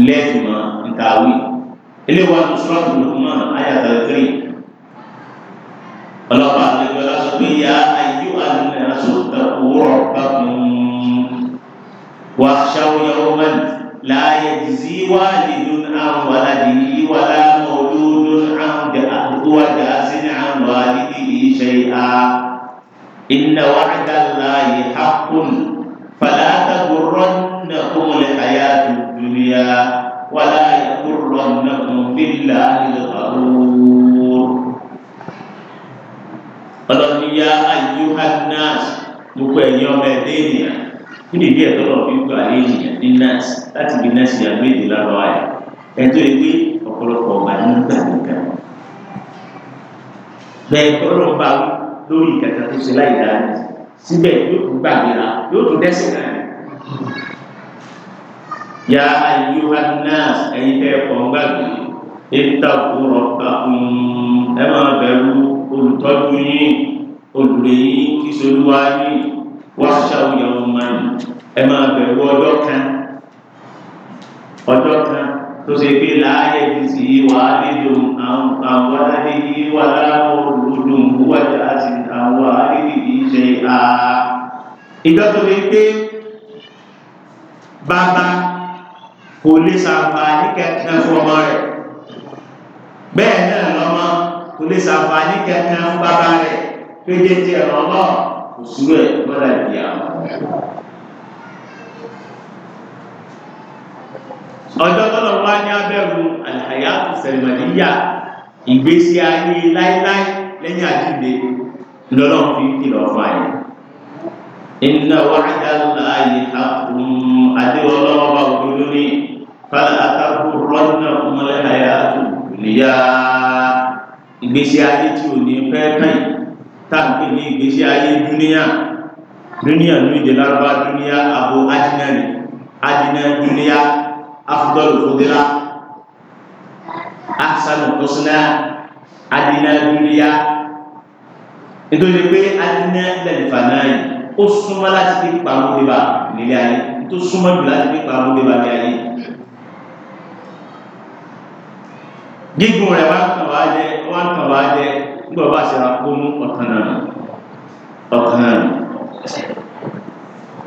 lẹ́ẹ̀tùmọ̀ ìtàwí eléwà tó sọ́ọ̀tù lókùnmọ̀ ayàtọ̀ tírì ọlọ́pàá àgbẹ̀gbẹ̀ lásán pé ya ayé wà nílẹ̀ lásán tẹ̀kọ̀ wúrọ̀ bákun wà ṣáwó yàwó mẹ́rin láàyè jìzí wà nìdún àwọn wàládì yìí wà láàmú olódún àwọn wà jàásí àwọn wàlídì yìí ìnáwó àdàlá yìí hákùn fàlàtà gbòòrán náà kó mo lè àyà dùnúyà wàlá ìkúrọ̀n náà kó mo fi là ìlọ̀kàrọ̀. ọlọ́niyà ayélujáras gbogbo ẹ̀yìn ọmọ ẹ̀dẹ́ ènìyàn kí ni ìdí ẹ̀tọ́ lọ́ọ̀ fi gbà lé ènìyàn ní nọ́ọ̀sì láti fi nọ́ọ̀sì àgbé èdè lọ́wọ́ ayà ẹ̀tọ́ ìwé ọ̀pọ̀lọpọ̀ ọ̀gbà ní gbàgbọ́gbà bẹ́ẹ̀ kọ́ lórí ìkàtà tó ṣe láì dáa nìyí síbẹ̀ yóò tún gbàgbéra yóò tún dẹ́sẹ̀ náà ya ayyuhannas ẹ̀yin tẹ́ ẹ̀kọ́ ń gbàgbé ittaqu rabbakum ẹ máa bẹ̀rù olùtọ́jú yín olùrè yín kí solúwa yín wakhshaw yawman ẹ máa bẹ̀rù ọjọ́ kan ọjọ́ kan tó ṣe pé láàyè ti sì yí wà á dídùn àwọn aládé yí wà láwọn olùdùn wúwàjà àti àwọn aládé yìí ṣe à. ìjọ tó ní pé bàbá kò lè ṣàǹfààní kẹkẹ fún ọmọ rẹ̀ bẹ́ẹ̀ náà lọ́mọ kò lè ṣàǹfààní kẹkẹ fún bàbá rẹ̀ péjẹ tiẹ̀ lọ́mọ kò sùúrù ẹ̀ gbọ́dọ̀ ọjọ́ tọ́lọ̀ wá ní abẹ́rù àlàyàtò sẹ̀rìmọ̀lìyà ìgbésí ayé láíláí lẹ́yìn àjíǹde lọ́lọ́ fi kìlọ̀ fún àyè. iná wájà láàyè àdé ọlọ́wọ́ òdodo ní fàlà àtàkù rọ́nà ọmọlẹ́ àyàtò nìyà ìgbésí ayé tí ò ní fẹ́ kàn táàbí ní ìgbésí ayé dúníyà dúníyà ní ìdè lárúbá dúníyà àbò ajínà ní ajínà dúníyà afudọlu fudila asanu kusina adina dunuya nítorí pé adina lẹnifa náà yìí ó súnmọ́ láti fi kpamọ níbà nílé ayé tó súnmọ́ jù láti fi kpamọ níbà nílé ayé gígùn rẹ̀ wọn kàn wá jẹ wọn kàn wá jẹ nígbà wọn bá ṣe ra kó mú ọkàn náà ọkàn náà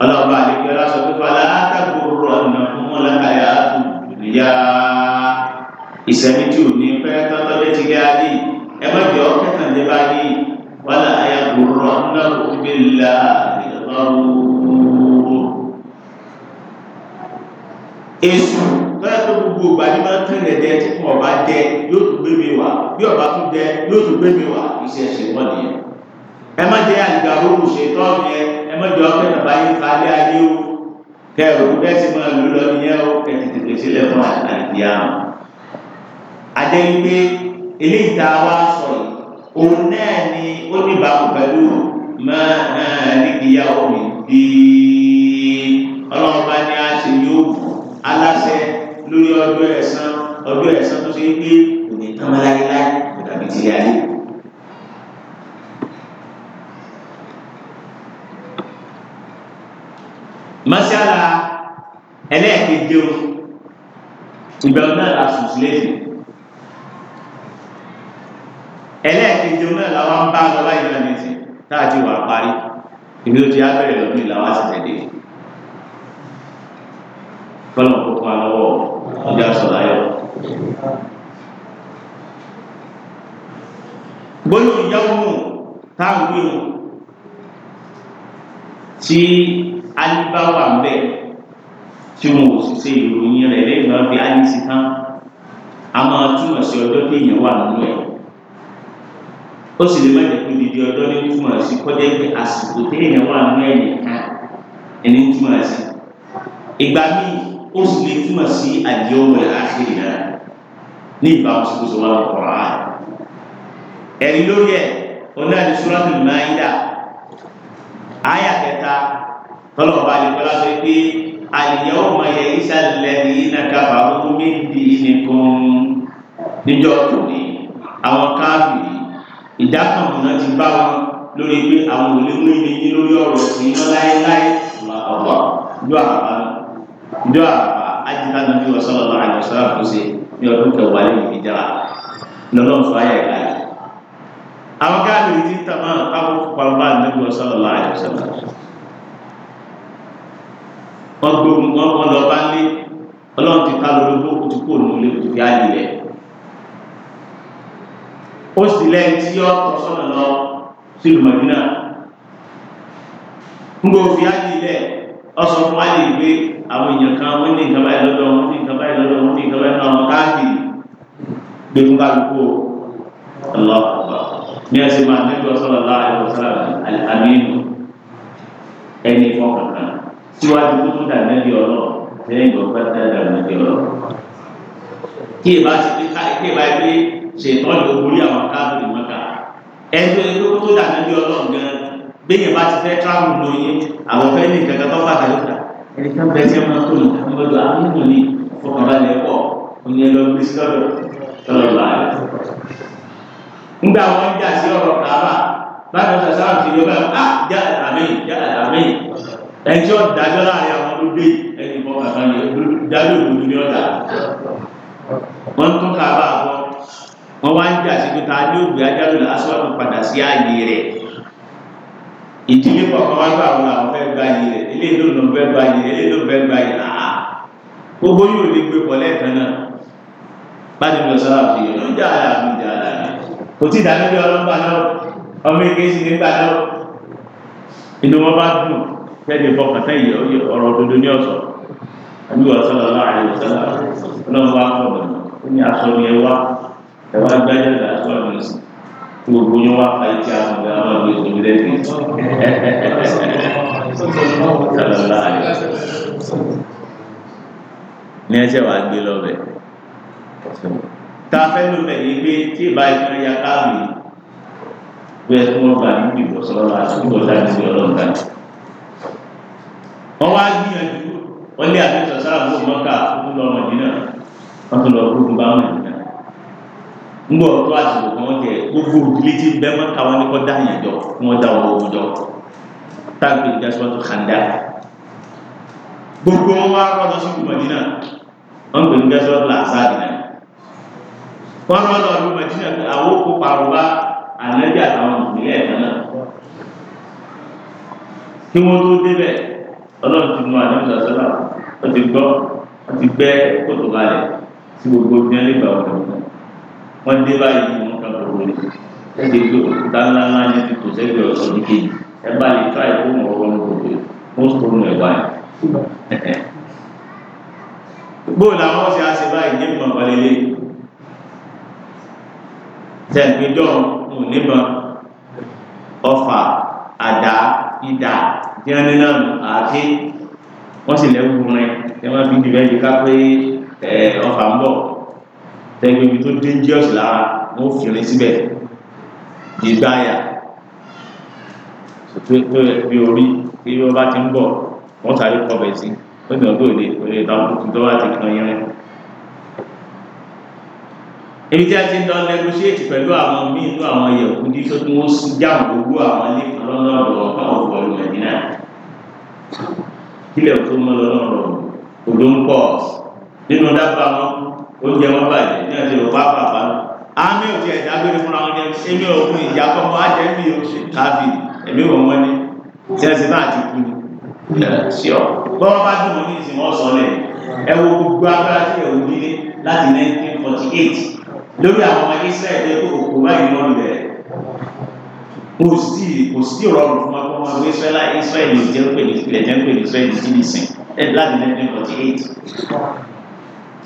ọlọ́pàá àdìgbẹ lásán pípa látàkùrọ ọ̀nà fún mọ́lẹ́ka yàrá ya ìsẹ̀mí tí ò ní pẹ́ tọ́tọ́ lé ti gé ayé ẹ má jọ kẹtàndé bá yé wàlá ayé àbúrò ńlá òbí la ìlọ́rùú. èsù tọ́lá tó gbogbo ìgbà ní máa ń tẹ̀lé dẹ tí kò ọba dẹ yóò tún gbé mi wá bí ọba tún dẹ yóò tún gbé mi wá iṣẹ́ ṣe wọ́n nìyẹn. ẹ má jẹ́ àgbà lóru ṣètọ́ yẹn ẹ má jọ kẹtàndé bá yé kálé ayé o kẹ ò bẹ́ẹ̀ sì máa lù lọ nìyẹn o kẹ tètè pèsè lẹ́fọ́ àti àmọ́. adé wípé eléyìí tá a wá sọ yìí òun náà ni ó ní ìbámu pẹ̀lú máa nígbìyàwó mi di ọlọ́ọ̀bá ni a ṣe yóò wù aláṣẹ lórí ọdún ẹ̀san ọdún ẹ̀san tó ṣe é gbé òní tán máa láyé láyé kò dàbí ti ayé. mọ́ṣálà ẹlẹ́ẹ̀keje o ìbẹ̀rù náà la sùn sílẹ̀ sí ẹlẹ́ẹ̀keje náà la wá ń bá lọ báyìí náà nìyí táàtì wà parí ìlú ti á bẹ̀rẹ̀ lọ́dún ìlàwọ́ àṣẹṣẹ dé kọ́lọ̀ kókó alọ́wọ́ ọjà sọ̀rọ̀ ayọ̀ gbólóhùn yẹ́wò táwọn gbé tí alibáwà ń bẹ tí wọn ò sì ṣe ìròyìn rẹ̀ lẹ́yìn náà fi alisi tán a máa túmọ̀ sí ọjọ́ tí èèyàn wà nínú ẹ̀ ó sì lè má jẹ́ pé dídí ọjọ́ ní túmọ̀ sí kọjá pé àsìkò tí èèyàn wà nínú ẹ̀ nìkan ẹni túmọ̀ sí ìgbà míì ó sì lè túmọ̀ sí àdìẹ ọmọ ẹ̀ àṣírí náà ní ìbámu sí kóso wà lọ́kọ̀ọ́ ẹ̀rí lórí ẹ̀ ọ̀nà àdìsúrà tó ní máa ń dà áyà kẹta tọ́lọ̀ bá yẹ kọ́lá sọ pé àyẹ̀wò mayẹ̀ ìṣàlẹ̀ yìí nà kábà ó mi di nìkan níjọ́ tó ní àwọn káàbì ìdá kan mọ̀nà ti bá wọn lórí pé àwọn olówó ilé yín lórí ọ̀rọ̀ sí iná láéláé ọ̀pọ̀ ìjọ àbá ìjọ àbá ajínigbá náà bí wọ́n sọ̀rọ̀ lọ́wọ́ àjọṣọ́ àkóso ní ọdún kẹwàá lẹ́yìn ìjọba lọ́lọ́run fún ayé ìlànà àwọn káàbì ti tàmá àwọn kópa ọba àdúgbò sọ̀rọ̀ lọ́wọ́ àjọṣọ́ àkóso wọ́n gbóhùn wọ́n wọ́n lọ bá lé ọlọ́run ti ta lórí owó ti kó nù lé kò fi àyè rẹ̀ ó sì lẹ́yìn tí ó tọ́ sọ́nà lọ sílùú mọ̀dínà ń gbọ́ fi àyè rẹ̀ ó sọ fún àyè pé àwọn èèyàn kan wọ́n ní ìjọba ẹ̀ lọ́dọ̀ wọ́n ní ìjọba ẹ̀ lọ́dọ̀ wọ́n ní ìjọba ẹ̀ lọ́dọ̀ káàkiri gbé fún kálukú ọlọ́pàá ní ẹ̀sìn máa ń tẹ́jú ọ̀sán lọ́la ẹ̀ lọ́sọ̀rọ̀ àmì ẹni fọ́kànkan síwájú tó tún dàbí ọlọ́ lẹ́yìn ìgbọ̀pá tá a dàbí ọlọ́. kí ìbá ti fi ká kí ìbá ti ṣètò ọ̀dọ̀ orí àwọn káàbìrì mọ́ta ẹgbẹ́ tó tó dàbí ọlọ́ gan bẹ́ẹ̀ bá ti fẹ́ tíráàmù lóyún àwọn fẹ́ ní kankan tó bá kàlẹ́ kà ẹni ká bẹ́ẹ̀ tí wọ́n tó nìkan lọ́dọ̀ àmúlò ní fọkànbalẹ̀ pọ̀ òní ẹ lọ gbé sí lọ́dọ̀ tọ́lọ̀ láàyè. ńgbà wọn jà sí ọ̀rọ̀ kàrà bá a lọ ah já àmì já àmì ẹtí ọ̀dájọ́ láàrin àwọn olóde ẹni bọ́ bàbá ní dájọ́ òdodo ní ọ̀dà wọ́n tún ká bá a bọ́ wọ́n wá ń jà sí pé ta ní ògbé ajálù lásìwájú padà sí ààyè rẹ̀ ìdílé kọ̀ọ̀kan wá gbà wọn làwọn fẹ́ gba ààyè rẹ̀ ilé ìlú ló fẹ́ gba ààyè rẹ̀ ilé ìlú fẹ́ gba ààyè rẹ̀ àá gbogbo yóò lè gbé pọ̀ lẹ́ẹ̀kan náà bá ti lọ sọ́ra fi ìlú jà àlà àmì jà àlà kò tí ìdájọ́ ọlọ́gbà náà ọmọ èké nígbà náà inú wọn bá dùn kẹ́ni fọkàntán yìí ọ̀rọ̀ òdodo ní ọ̀sọ̀ àbí ọ̀sán lọ́la àdìsọ́lá ọlọ́run wá fọ̀ ó ní aṣọ ni ẹ wá ẹ wá gbájú ẹ̀dá aṣọ àmì sí tí gbogbo yín wá fa ìtì àwọn ọ̀gá ọlọ́run gbé tóbi lẹ́sìn sọlọ́la àdìsọ́lá ní ẹsẹ̀ wàá gbé lọ́bẹ̀ tá fẹ́ ló bẹ̀ yí pé tí ìbá ìpínlẹ̀ ya káàmì gbé ẹ̀kọ́ wọn bá wọ́n wá gbìyànjú wọ́n lé àdéhùn sára ló mọ́ta tó lọ mọ̀dínà wọ́n tó lọ gbógun bá mọ̀dínà ń bọ̀ tó àsìkò kan jẹ gbogbo òdílé tí bẹ́ mọ́ta wọn ní kọ́ dá yẹn jọ kí wọ́n dá wọn owó jọ táàgbé ìdásọ́ tó kàńdá gbogbo wọn wá kọ́dọ̀ sí mọ̀dínà wọ́n gbé ìdásọ́ tó làásàdì náà wọ́n kọ́dọ̀ ọdún mọ̀dínà àwọn òkú pàrọ̀bá ànájà àtàwọn ìpínlẹ̀ náà kí wọ́n tó débẹ̀ ọlọ́run ti mú àdéhùn sàṣọ́là ó ti gbọ́ ó ti gbẹ́ kótó kalẹ̀ sí gbogbo ní ẹlẹ́gbà ọ̀dọ̀ wọn dé báyìí wọn kà gbogbo rẹ̀ ẹ ti gbé òkúta ńlá ńlá ní ti tò sẹ́gbẹ̀ ọ̀sán ní kejì ẹ bá lè ká ìkó mọ̀ ọ́ ní gbogbo wọn sọ nù ẹ̀ báyìí. làwọn ṣe àṣẹ báyìí ní ìmọ̀ balẹ̀lẹ̀ tẹ̀gbẹ́dọ̀ òníbọn tí wọ́n ní náà àti wọ́n sì lẹ́wù rẹ̀ tí wọ́n fi dìbẹ́ yìí ká pé ọfà ń bọ̀ tẹ́gbẹ́ ibi tó dangerous lára wọ́n fi rìn síbẹ̀ ìgbà àyà tó bí orí bí wọ́n bá ti ń bọ̀ wọ́n sáré kọ̀ọ̀bẹ̀ sí wọ́n ti hàn pé òde òde ìtàkùn tó wà ti kan yẹn rẹ̀ èyí tí a ti ń lọ negotiate pẹ̀lú àwọn míì inú àwọn yẹ̀kú ní tó tí wọ́n sì jáàmù gbogbo àwọn ilé kan lọ́nà ọ̀dọ̀ káwọn bọ̀lù nàìjíríà kílẹ̀ tó mọ́ lọ́nà ọ̀dọ̀ odò ń pọ̀ nínú dábàá wọn oúnjẹ wọn bàjẹ́ ní ọ̀sẹ̀ ìwọ̀n bá bàbá àmì òtí ẹ̀dá gbére fúnra wọn ní ẹ̀mí òkun ìyá kọ́kọ́ ajẹ́ mi ò ṣe káàbì ẹ̀mí wọn ni tí wọ́n ti máa ti kú ni sí ọ bọ́wọ́ bá dùn wọn ní ìsìn wọn sọ lẹ̀ ẹ wo gbogbo agbára tí ẹ̀ wò nílé láti 1948 lórí àwọn ọmọ Israẹli tó kò báyìí lọ lẹ̀ kò sí kò sí rọrùn fún ọmọ ọmọ Israẹli Israẹli jẹ́ pé ní ìpìlẹ̀ jẹ́ pé ní Israẹli sí ní sìn ẹ̀ láti nineteen forty eight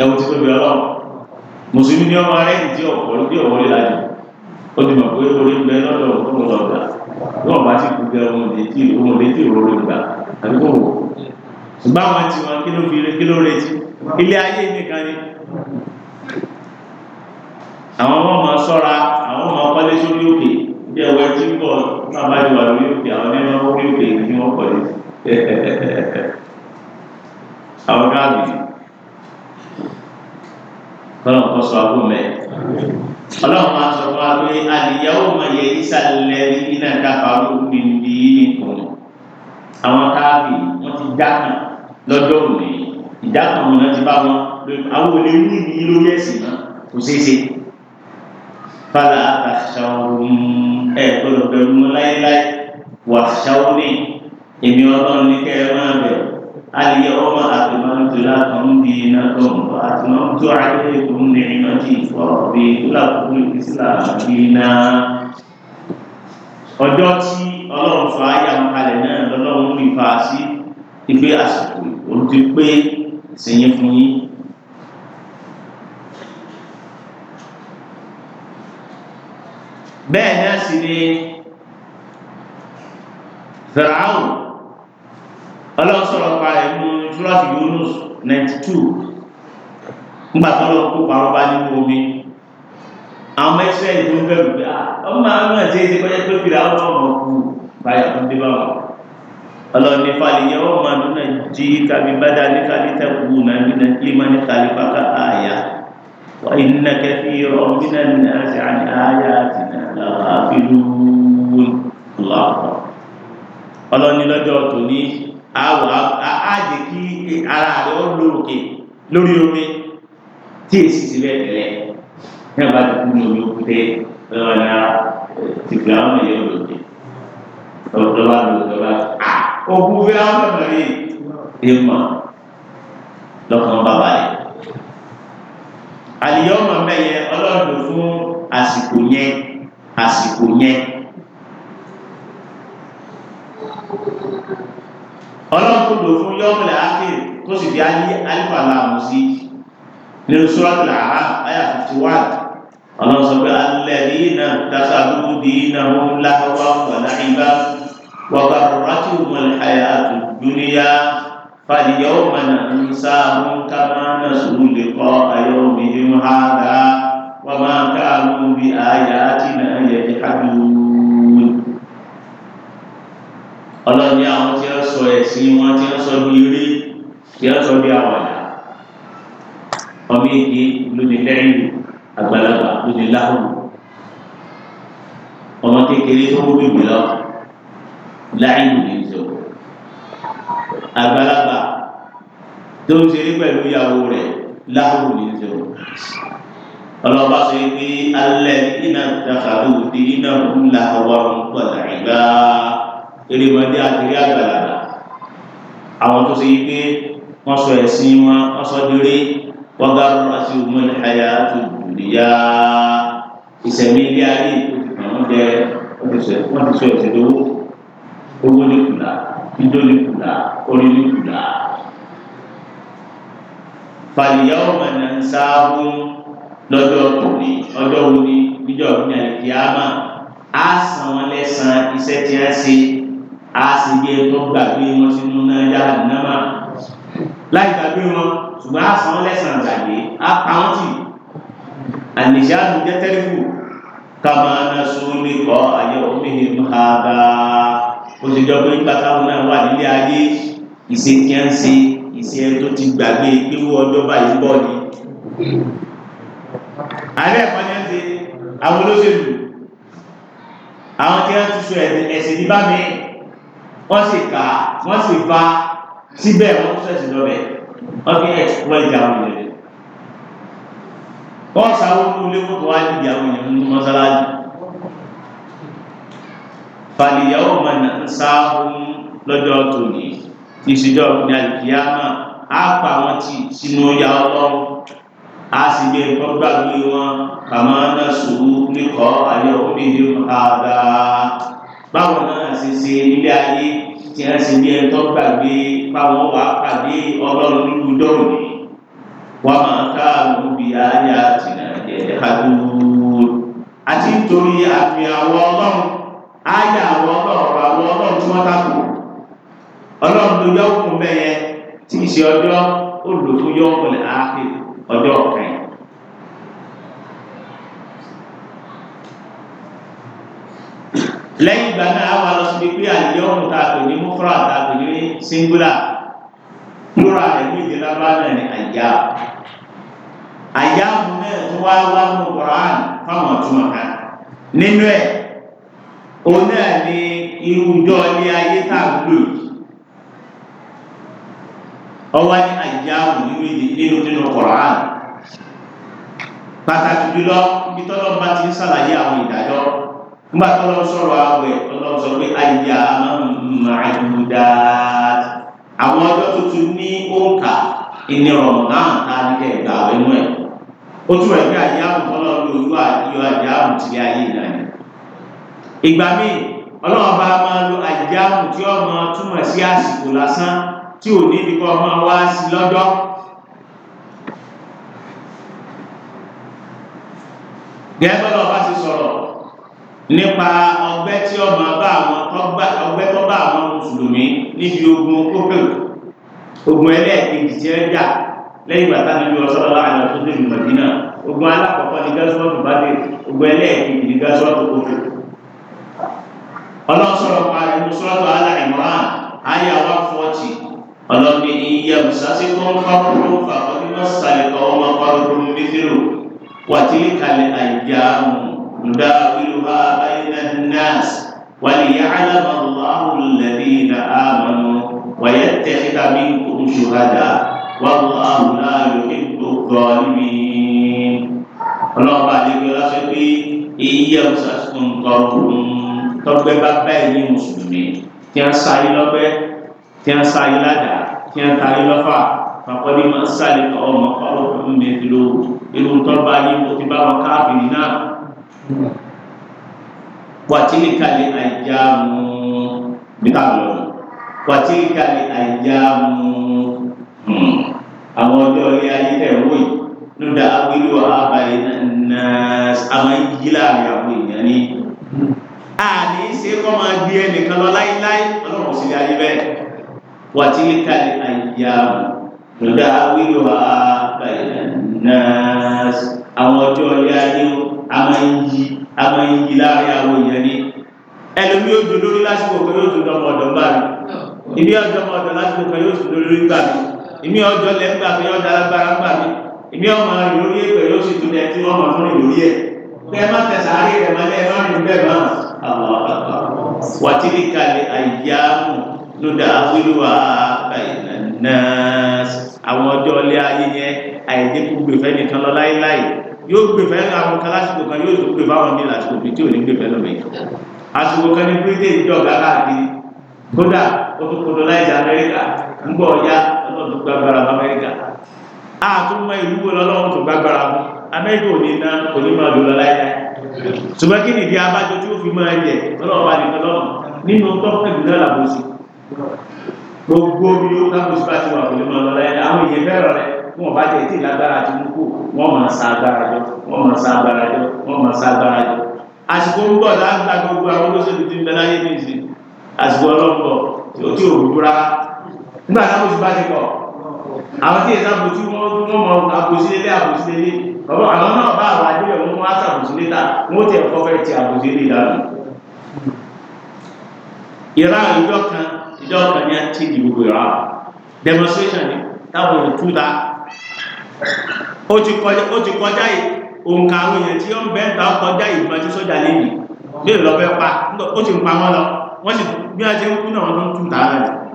ẹ̀wọ̀n ti tóbi ọlọ́run mùsùlùmí ni ọmọ rẹ̀ ti ọ̀pọ̀ ní ọ̀wọ́ lé lájú ó ti mọ̀ pé orí ń bẹ lọ́dọ̀ ọ̀hún lọ́gbà tí wọ́n bá ti kú bẹ ohun létí ohun létí ìrora ìgbà àbí kò wò ṣùgbọ́n àwọn tí wọn kí ló fi kí ló retí ilé ayé nìkan ni àwọn ọmọ ọmọ sọ́ra àwọn ọmọ ọpọlẹ sórí òkè bí ẹwà ẹtí ń bọ̀ náà bá ti wà lórí òkè àwọn ẹni wọn lórí òkè kí wọ́n pọ̀ lé àwọn káàdì kọ́nà kọ́ sọ àbú mẹ́ ọlọ́run máa sọ fún wa pé àdìyàwó máa yẹ ìsàlẹ̀ iná káfàárù níbi nìkan àwọn káàdì wọ́n ti dákàn lọ́jọ́ òní ìdákàn wọn ti bá wọn àwọn olè ní ìlú lórí náà kò ṣeé ṣe fala àtàṣàwòrán ẹ gbọ́dọ̀ bẹ̀rù mọ́ láéláé wà ṣàwòrán èmi Ọlọ́run ní kẹ ẹ máa bẹ aliyẹ ọmọ àtìmọ́tò látọ̀ún di iná tó ń bọ̀ àtìmọ́tò àdéhùn ní iná tí ìfọ̀ bí ìdúlàkùn Islam bí iná. ọjọ́ tí Ọlọ́run fa ayé àwọn náà lọ́lọ́run rí fa sí ìgbé àsìkò òun pé sẹ́yìn fún yín. bẹ́ẹ̀ náà sì ni fìràáhùn ọlọ́sọ̀rọ̀ pa ẹ̀mú túrọ́sì Yunus 92 nígbà tó lọ kó parọ́ bá nínú omi àwọn ọmọ ẹsẹ̀ ìlú ń bẹ̀rù pé ah, ọmọ máa ń rántí ẹsẹ̀ kọjá pé fìràáhùn ọmọ kú báyà tó dé bá wọn ọlọ́ni fàlìyẹ wọn máa dúnà jí kàbí bàdà ní kàbí tẹ̀kù náà nínú ìmọ̀ ní kàbí pàkà àyà wà ìnà kẹfì rọ̀ nínú àṣà àyà àti náà ìlúwìn lọ́pọ̀ ọlọ́ni lọ́jọ́ tó ní àwọ̀ àjẹ́ kí ara rẹ̀ ó lóòkè lórí omi tí èsì ti bẹ́ẹ̀ tẹ̀lé ní àbá ti kú ní omi òkúté lọ́wọ́lá tìgbà wọn yẹ lòdì lọ́wọ́lá lọ́wọ́lá òkú fi àwọn ọmọ rẹ̀ ẹ̀ mọ̀ lọ́kàn bàbá yẹn àlìyọ́ ọmọ mẹ́yẹ ọlọ́run fún àsìkò yẹn àsìkò yẹn. ọlọ́run kò lò fún yọ́mùlẹ̀ ákè tó sì fi ayé alifa làwọn sí nínú sọ́ọ́tù àhá àyà fifty one ọlọ́run sọ pé alẹ́ yìí náà dáṣà dúdú di iná wọn láwọ́ wọ̀nà ìbá wọ́pá rọ́tì wọn àyà dúníyà fàdíyàwó mọ̀nà ń ń ká máa ń sùn lè kọ́ ayọ́ mi dáa. وما كانوا بآياتنا يجحدون ọlọ́ni àwọn tí wọ́n sọ ẹ̀sìn wọn tí wọ́n sọ bí eré tí wọ́n sọ bí àwàdà ọmọ èké lónìí lẹ́yìn àgbàlagbà lónìí láhùn ọmọ kékeré tó wọ́n bíbí lọ láyìn ní ìjọba àgbàlagbà tó ń ṣeré pẹ̀lú ìyàwó rẹ̀ láhùn ní ìjọba ọlọ́ba sọ pé alẹ́ iná dàkàdù di iná ńlá wàrún pọ̀tà ìgbà erémọdé àtẹrí àgbàlagbà àwọn tó sọ pé wọ́n sọ ẹ̀sìn wọn wọ́n sọ déré wọ́n gá lọ́wọ́ sí ọmọdé ayá tó dùnìyà ìsẹ̀mí ilé ayé ìkókò jẹ wọ́n ti sọ ẹ̀sìn lówó owó ní kùlà ìdó ní kùlà orí ní kùlà. fàlìyàwó mọ̀ nà ń sáà fún lọ́jọ́ tóní ọjọ́ òní níjọ́ òní àlèkè àmà á san wọn lẹ́sàn iṣẹ́ tí a ṣe á sì gbé tó gbàgbé wọn sínú náà yára nàmà láì gbàgbé wọn ṣùgbọ́n á san wọn lẹ́sàn gbàgbé á pa wọn tì àníṣe àtúnjẹ tẹ́lifù kàmá nasu nìkọ́ ayé omi hàdá òṣèjọ́ pé nígbà náà wà nílé ayé ìṣe kí á ń ṣe ìṣe tó ti gbàgbé pé wọ́n ọjọ́ báyìí bọ́ alẹ́ ẹ̀kọ́ ni ẹ ti àwọn olóṣèlú àwọn tí wọ́n ti sọ ẹ̀sìn ní bá mi wọ́n sì kà á wọ́n sì bá síbẹ̀ wọ́n tún sẹ̀sìn lọ́bẹ̀ wọ́n fi ẹ̀kọ́ ìjà wọn lẹ̀ wọ́n sáwọ́ olé wọn tó wá ní ìyàwó yẹn nínú mọ́sálásí fàlìyàwó mọ̀nà ń sáhùn lọ́jọ́ tòní ìṣèjọ́ ọ̀gbìn àlùkìyàmà á pa àwọn tí sínú yà ọlọ́run a sì gbé nǹkan gbàgbé wọn kàmá náà sùúrù nìkọ́ ayé òbí yìí àgbà báwọn náà sì ṣe nílé ayé tí a sì gbé nǹkan gbàgbé báwọn wà pàdé ọlọ́run nínú dọ́rùn ní wọ́n máa ká àwọn òbí ayé àtìlá ẹ̀jẹ̀ àdúró àti nítorí àmì àwọn ọlọ́run ayé àwọn ọlọ́run àwọn ọlọ́run tí wọ́n tako ọlọ́run ló yọ òkun bẹ́yẹn tí ì ṣe ọjọ́ ó ọ̀pọ̀lẹ̀ àáfíà ọjọ́ kan lẹ́yìn ìgbà náà wà lọ síbi pé àlejò ọ̀hún ta pè ní mufra ta pè ní singular plural rẹ̀ ní ìdílé abáná àyà àyà mu náà tó wá wá mú Quran fáwọn ọ̀túnmọ̀ kan nínú ẹ̀ òun náà ní irú ìjọ ilé ayé tá a gbòòrò ọwọ́ ní àyíyáwó nínú nínú Qur'an pàtàkì jùlọ ibi tọ́lọ́ bá ti ń ṣàlàyé àwọn ìdájọ́ nígbà tọ́lọ́ sọ̀rọ̀ àwẹ̀ ọlọ́run sọ pé àyíyá màdúdà àwọn ọjọ́ tuntun ní òǹkà ìní Ramadan tá a nílẹ̀ ìgbà àwẹ̀ mú ẹ̀ ó tún rẹ̀ pé àyíyáwó tọ́lọ́ ní olú àyíyọ àyíyáwó tìlẹ̀ ayé ìlànà ìgbà míì ọlọ́run bá máa lo àyíyáwó tí ó máa túmọ̀ sí àsìkò lásán tí ò ní nìkan máa wá sí lọ́jọ́. gẹ́gẹ́ bá bá ti sọ̀rọ̀ nípa ọgbẹ́ tí ọmọ bá àwọn ọgbẹ́ tó bá àwọn mùsùlùmí níbi ogun kókè ogun ẹlẹ́ẹ̀kejì tí ẹ jà lẹ́yìn bàtà níbi ọ̀sọ́rọ̀ láàrin ọ̀tún tó dìbò bí náà ogun alákọ̀ọ́kọ́ ní gásọ́ọ̀tù bá dé ogun ẹlẹ́ẹ̀kejì ní gásọ́ọ̀tù kókè ọlọ́sọ̀rọ̀ parí mùsọ́ọ̀tù aláìmọ́ràn ayé àwọn fọ́ọ̀tì ọlọ́ni iye musasikum kọ́kúrú fàkọ́dúnmọ́ sàlẹ̀kọ́ ọmọ kọ́kúrú mẹ́tìrò wàtí kalẹ̀ àjàmù ǹdà wíwá báyìí nàás wàlíyà alábàláhù lẹ́bí nà ámànù wàyẹ tẹ̀síkà mí kún ṣùhádà wàláhù láàyò ìgbò gọ́ọ̀lì ọlọ́ọ̀bà àdéhùn lọ́sẹ̀ pé iye musasikum kọ́kúrú tọ́gbẹ́ bá bẹ́ẹ̀ ní mùsùlùmí tí a sáyé lọ́gbẹ́ tí a sáyé ládàá tí a tayé lọ́fà pàpọ́lí máa ń sàlẹ̀ kọ́ ọmọ ọ̀rọ̀ fún mi kìló irú tó bá yé mo ti bá wọn káàbìrì náà wàtílì kalẹ̀ àìjà mu níta lọ wàtílì kalẹ̀ àìjà mu àwọn ọjọ́ orí ayé ẹ̀ wòye lóda awílò àbáyé náà àwọn yìí láàrin àwọn èèyàn ni. àní ṣe kọ́ máa gbé ẹnìkan lọ láíláí ọlọ́run sì lè ayé bẹ́ẹ̀. وتلك الأيام نداولها بين الناس àwọn ọjọ́ ilé ayé a máa ń yí a máa ń yí láàrin àwọn èèyàn ní ẹlòmí yóò dùn lórí lásìkò kan yóò dùn lọ́mọ ọ̀dọ̀ gbà mí ìmí ọjọ́ ọmọ ọ̀dọ̀ lásìkò kan yóò dùn lórí gbà mí ìmí ọjọ́ lẹ́ gbà mí ọjọ́ alágbára gbà mí ìmí ọmọ rìn lórí ẹgbẹ́ yóò sì ló dà wíwá náà àwọn ọjọ́ ilé ayé yẹn àìdí kú gbèfẹ́ nìkan lọ láéláé yóò gbèfẹ́ àwọn kan lásìkò kan yóò tún gbèfẹ́ àwọn míì lásìkò bíi tí ò ní gbèfẹ́ lọ́mọ yìí àsìkò kan ní pété ìjọba káàkiri kódà ó tún kó dọ́láìsì amẹ́ríkà ń gbọ́ ọjà ọlọ́run tó gbàgbára fún amẹ́ríkà àtúmọ̀ ìlúwo lọ́lọ́run tó gbàgbára fún amẹ́ríkà ò ní ná kò ní máa lò láéláé ṣùgbọ́n kí gbogbo mi ó dáhùn sí láti wà pẹ̀lú ọ̀nà láyé àwọn èèyàn bẹ̀rẹ̀ rẹ̀ wọn bá jẹ́ tí lágbára ti mú kó wọ́n máa sa agbára jọ wọ́n máa sa agbára jọ wọ́n máa sa agbára jọ. àsìkò ń bọ̀ láńgbà gbogbo àwọn olóṣèlú ti ń bẹ láyé ní ìsìn àsìkò ọlọ́pọ̀ tí ò rú rárá. nígbà táwọn oṣù bá ti pọ̀ àwọn tí èsà bò tí wọ́n mọ àbòsí lé àbòsí àwọn náà bá ìjọ kan a àti ìdí gbogbo ìrà demonstration ni táwọn èèyàn tú ta ó ti kọjá òǹkà àwọn èèyàn tí ó ń bẹ́ẹ̀ ta kọjá ìgbọ́n tí sójà lẹ́yìn bí èèyàn lọ fẹ́ pa ó ti ń pa wọ́n lọ wọ́n sì bí wọ́n ti ń kú náà wọ́n tó ń tú ta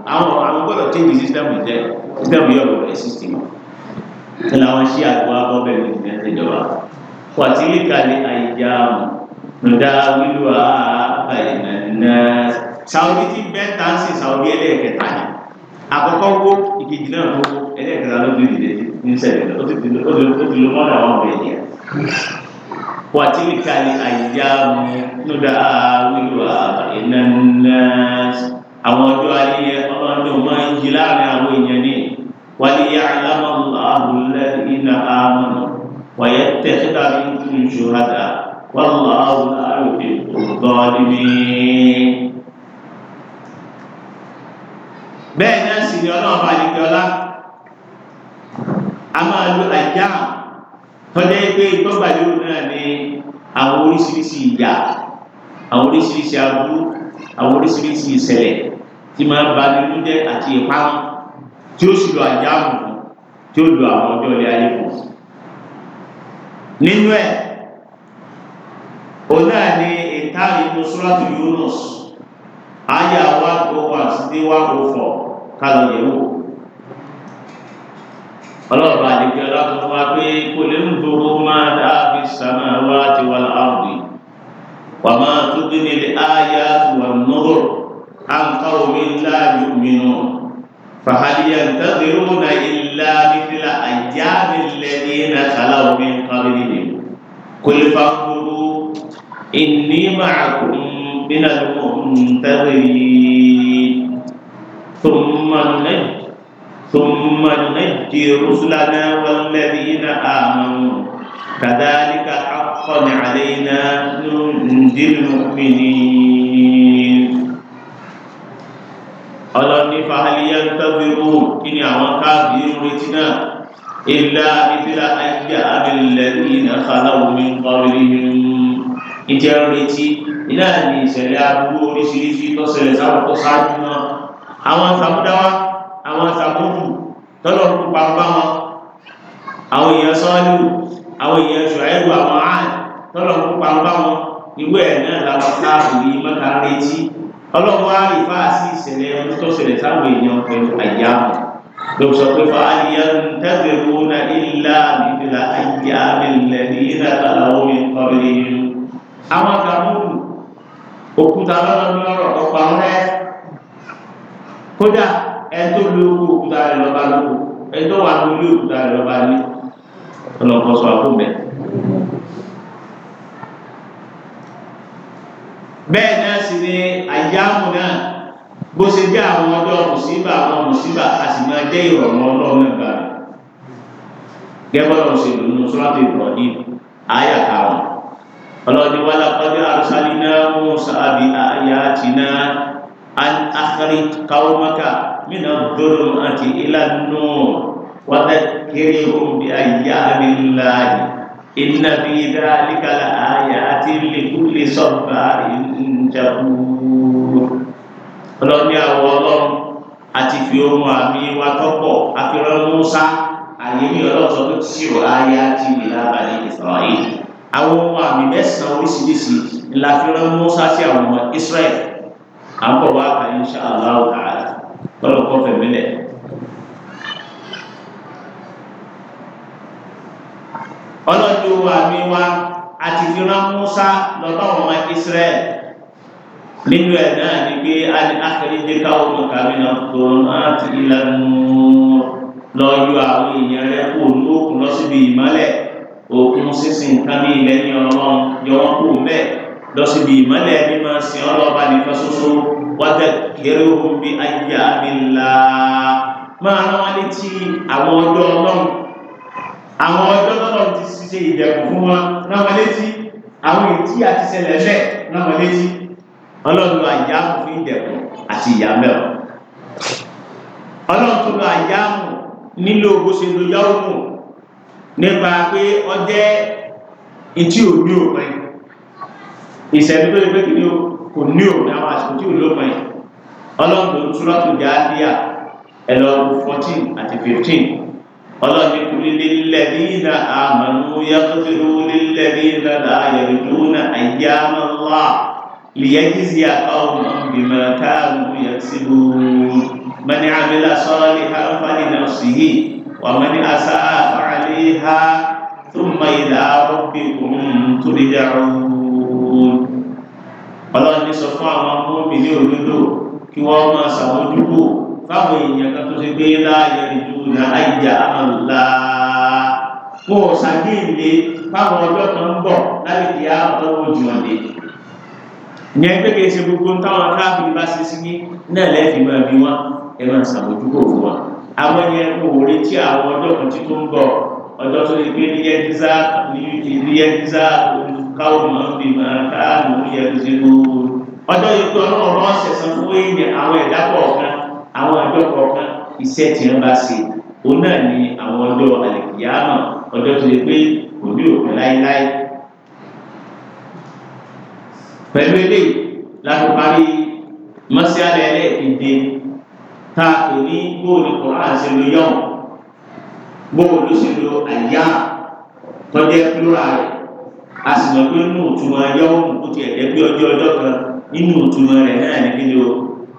náà àwọn àwọn gbọ́dọ̀ change system jẹ́ system yóò lọ bẹ̀rẹ̀ system kí làwọn ṣí àgbọ̀ abọ́ bẹ̀rẹ̀ Saudi ti bẹ́ẹ̀ ta sí Saudi ẹlẹ́ẹ̀kẹta ni àkọ́kọ́ wo ìkejì náà wo ẹlẹ́ẹ̀kẹta ló ti dìde ní sẹ́yìn ó ti dìde ó ti lo mọ́nà àwọn ọmọ ẹ̀yẹ. wà á ti rí kalẹ̀ àyíká mi nígbà wíwú iná ńlá àwọn ọjọ́ ayé ọlọ́dún máa ń yí láàrin àwọn èèyàn ní wà á yá alámọ̀lá àbúlé iná àmọ́ wà á yẹ tẹ̀síta ní kúrú ìṣòro àdá wà á lọ́wọ́ àwọn àròkè òkú bẹ́ẹ̀ náà sì ni ọlọ́run bá lè fi ọlá a máa lo àjá tọ́jú pé ìtọ́gbàlérò náà ni àwọn oríṣiríṣi ìjà àwọn oríṣiríṣi aburú àwọn oríṣiríṣi ìṣẹ̀lẹ̀ tí máa ba nínú jẹ́ àti ìparun tí ó sì lo àjá mọ̀ tí ó lo àwọn ọjọ́ ilé ayé mọ̀ nínú ẹ̀ òun náà ni ìtàrí inú sọ́ràtù Yunus ayé àwọn àgbọ̀wọ̀ àti déwà òfò ká lọ yẹ̀ wò ọlọ́ọ̀bá àdìgbẹ́ aláàbò wa pé kò lè ń dúró máa dáàbì sàmà wá ti wà láàbì wà máa tún bí nílé ayé àtúwà nọ́rọ̀ àǹkà omi ńlá yóò mìíràn fàhálíyà ntàdérò na ilá nífìlà àjá nílẹ̀ ní nàkàlà omi kábìlì ni kò lè fa kúrú ìní màkùn bí nàdúgbò ntàdérì. ثم ننجي ثم ننجي رسلنا والذين آمنوا كذلك حقا علينا ننجي المؤمنين أَلَمْ فهل ينتظرون إني أعوان كافرين إلا أن أيام الذين خلوا من قبلهم إتيار ريتي إلا أن يسألها بلو رسلتي تصل سعر تصعد àwọn sàmúdáwá àwọn sàmúdù tọ́lọ̀ ń pupa bá wọn àwọn èèyàn sọ́ọ́lù àwọn èèyàn ṣùgbọ́n àwọn ààn tọ́lọ̀ ń pupa bá wọn ìwé ẹ̀ náà làwọn káàbù yìí mọ́ta retí ọlọ́run wá rí fáàsì ìṣẹ̀lẹ̀ ọdún tó ṣẹlẹ̀ sáwọn èèyàn pẹ̀lú àyà wọn ló sọ ní ìlànà ọ̀pọ̀ àwọn ẹ̀ kódà ẹtọ lé owó òkúta rẹ lọba lóko ẹtọ wà ló lé òkúta rẹ lọba lé ọlọpọsọ àkóbẹ. bẹ́ẹ̀ náà sì ni àyáàmù náà bó ṣe jẹ́ àwọn ọjọ́ mùsíbà àwọn mùsíbà a sì máa jẹ́ ìrọ̀rùn ọlọ́run ẹ̀gbà rẹ̀ gẹ́gbọ́n lọ́wọ́ ṣe lò nínú sọ́láńtì ìbọ̀dí àyà karùn-ún ọlọ́ọ̀dẹ́wálá kọjá àrùsálí náà mú sábì àyà tì náà. أن أخرج قومك من الظلمات إلى النور وذكرهم بأيام الله إن في ذلك لآيات لكل صبار شكور ọlọ́ni àwọ̀ ọlọ́run àti fi ohun àmì wa tọ́pọ̀ àfihàn musa àyè ní ọlọ́sọ tó ti ṣírò ayé àti ìlàbàlẹ̀ ìsọ̀rọ̀ yìí àwọn ohun àmì mẹ́sàn-án oríṣiríṣi ńlá musa sí àwọn ọmọ israẹli à ń bọ̀ wá kà insha Allah ta'ala kọ́lọ̀ kọ́ fẹ̀mí lẹ̀. ọlọ́dún wa mi wá àti fi Musa lọ bá wọn ọmọ Israẹli nínú ẹ̀ náà ni pé akérèdé káwọn ọmọ kàmí náà tó láti ìlànà lọ yọ àwọn èèyàn rẹ kó ní òkun lọ síbi ìmọ́lẹ̀ òkun sísìn nǹkan ní ilẹ̀ ní ọlọ́run yọ wọn kó mẹ́ẹ̀ lọ síbi ìmọ́lẹ̀ mímọ́ sí ọlọ́ba nìkan ṣoṣo wàdàkẹ́rẹ́hùn bí ayé àmìlá máa rán wọn létí àwọn ọ̀dọ́ ọlọ́run àwọn ọ̀dọ́ ọlọ́run ti ṣiṣẹ́ ìdẹ̀kùn fún wọn rán wọn létí àwọn ìtí àti ṣẹlẹ̀ lẹ̀ rán wọn létí ọlọ́run àyà fún ìdẹ̀kùn àti ìyá mẹ́wàá ọlọ́run tó lọ àyà nílò bó ṣe lo yọ́ọ̀mù nípa pé ọjẹ́ ìtí òní òpin ìṣẹ̀lú tó lè pé kí ni o kò ní òun àwọn àsìkò tí ò lópin ọlọ́run ló ń túrọ́ tó dá díà ẹ̀lọ́ fourteen àti fifteen ọlọ́run kò lílé lẹ́bí iná àmàlú yàtọ̀tẹ̀rù lẹ́bí iná láàyèrè dúnà àyàmọ́lá lìyẹ́jìzì àkàwọn ìgbìmọ̀ káàmù yàtìbù mani amila sọ́ọ́lì hàfàlì náà sì yí wà mani asá àfàlì ha tó mọ̀ ìlà rọ́bì kùn tó lè dàrú ọlọ́run ní sọ fún àwọn mọ́mí ní òdodo kí wọ́n máa ṣàmójúkò fáwọn èèyàn kan tó ṣe gbé láàyè ìlú ìlà àìjà àmàlà kó o ṣàgbéǹde fáwọn ọjọ́ kan ń bọ̀ láti di àtọ́wò jù ọ̀dẹ. ìyẹn pé kìí ṣe gbogbo táwọn káàkiri bá ṣe sí ní náà lẹ́ẹ̀fì máa bí wọn àwọn yẹn kò retí àwọn ọjọ́ kan tó ń bọ̀ ọjọ́ tó lè gbé ní yẹn dísà ní yẹn káwọn máa fi máa káàmù yẹn ti mú un. ọjọ́ ikú ọlọ́run rán ṣẹ̀ṣẹ̀ fún èèyàn àwọn ẹ̀dá kọ̀ọ̀kan àwọn ọjọ́ kọ̀ọ̀kan iṣẹ́ tí wọ́n bá ṣe òun náà ni àwọn ọjọ́ àlẹ́kìyàmọ̀ ọjọ́ tó lè pé kò ní òpin láéláé. pẹ̀lú eléyìí láti parí mọ́síálẹ̀ ẹlẹ́ẹ̀kejì tá a bóòlù kọ́ra ṣe lo yọ̀ọ̀ bóòlù ṣe lo àyà tọ́jú ẹ̀ plúra rẹ̀ a sì mọ̀ pé nínú òtúmọ̀ ayọ́ òun kò tiẹ̀ jẹ́ pé ọjọ́ ọjọ́ kan nínú òtúmọ̀ rẹ̀ náà ní kí ni o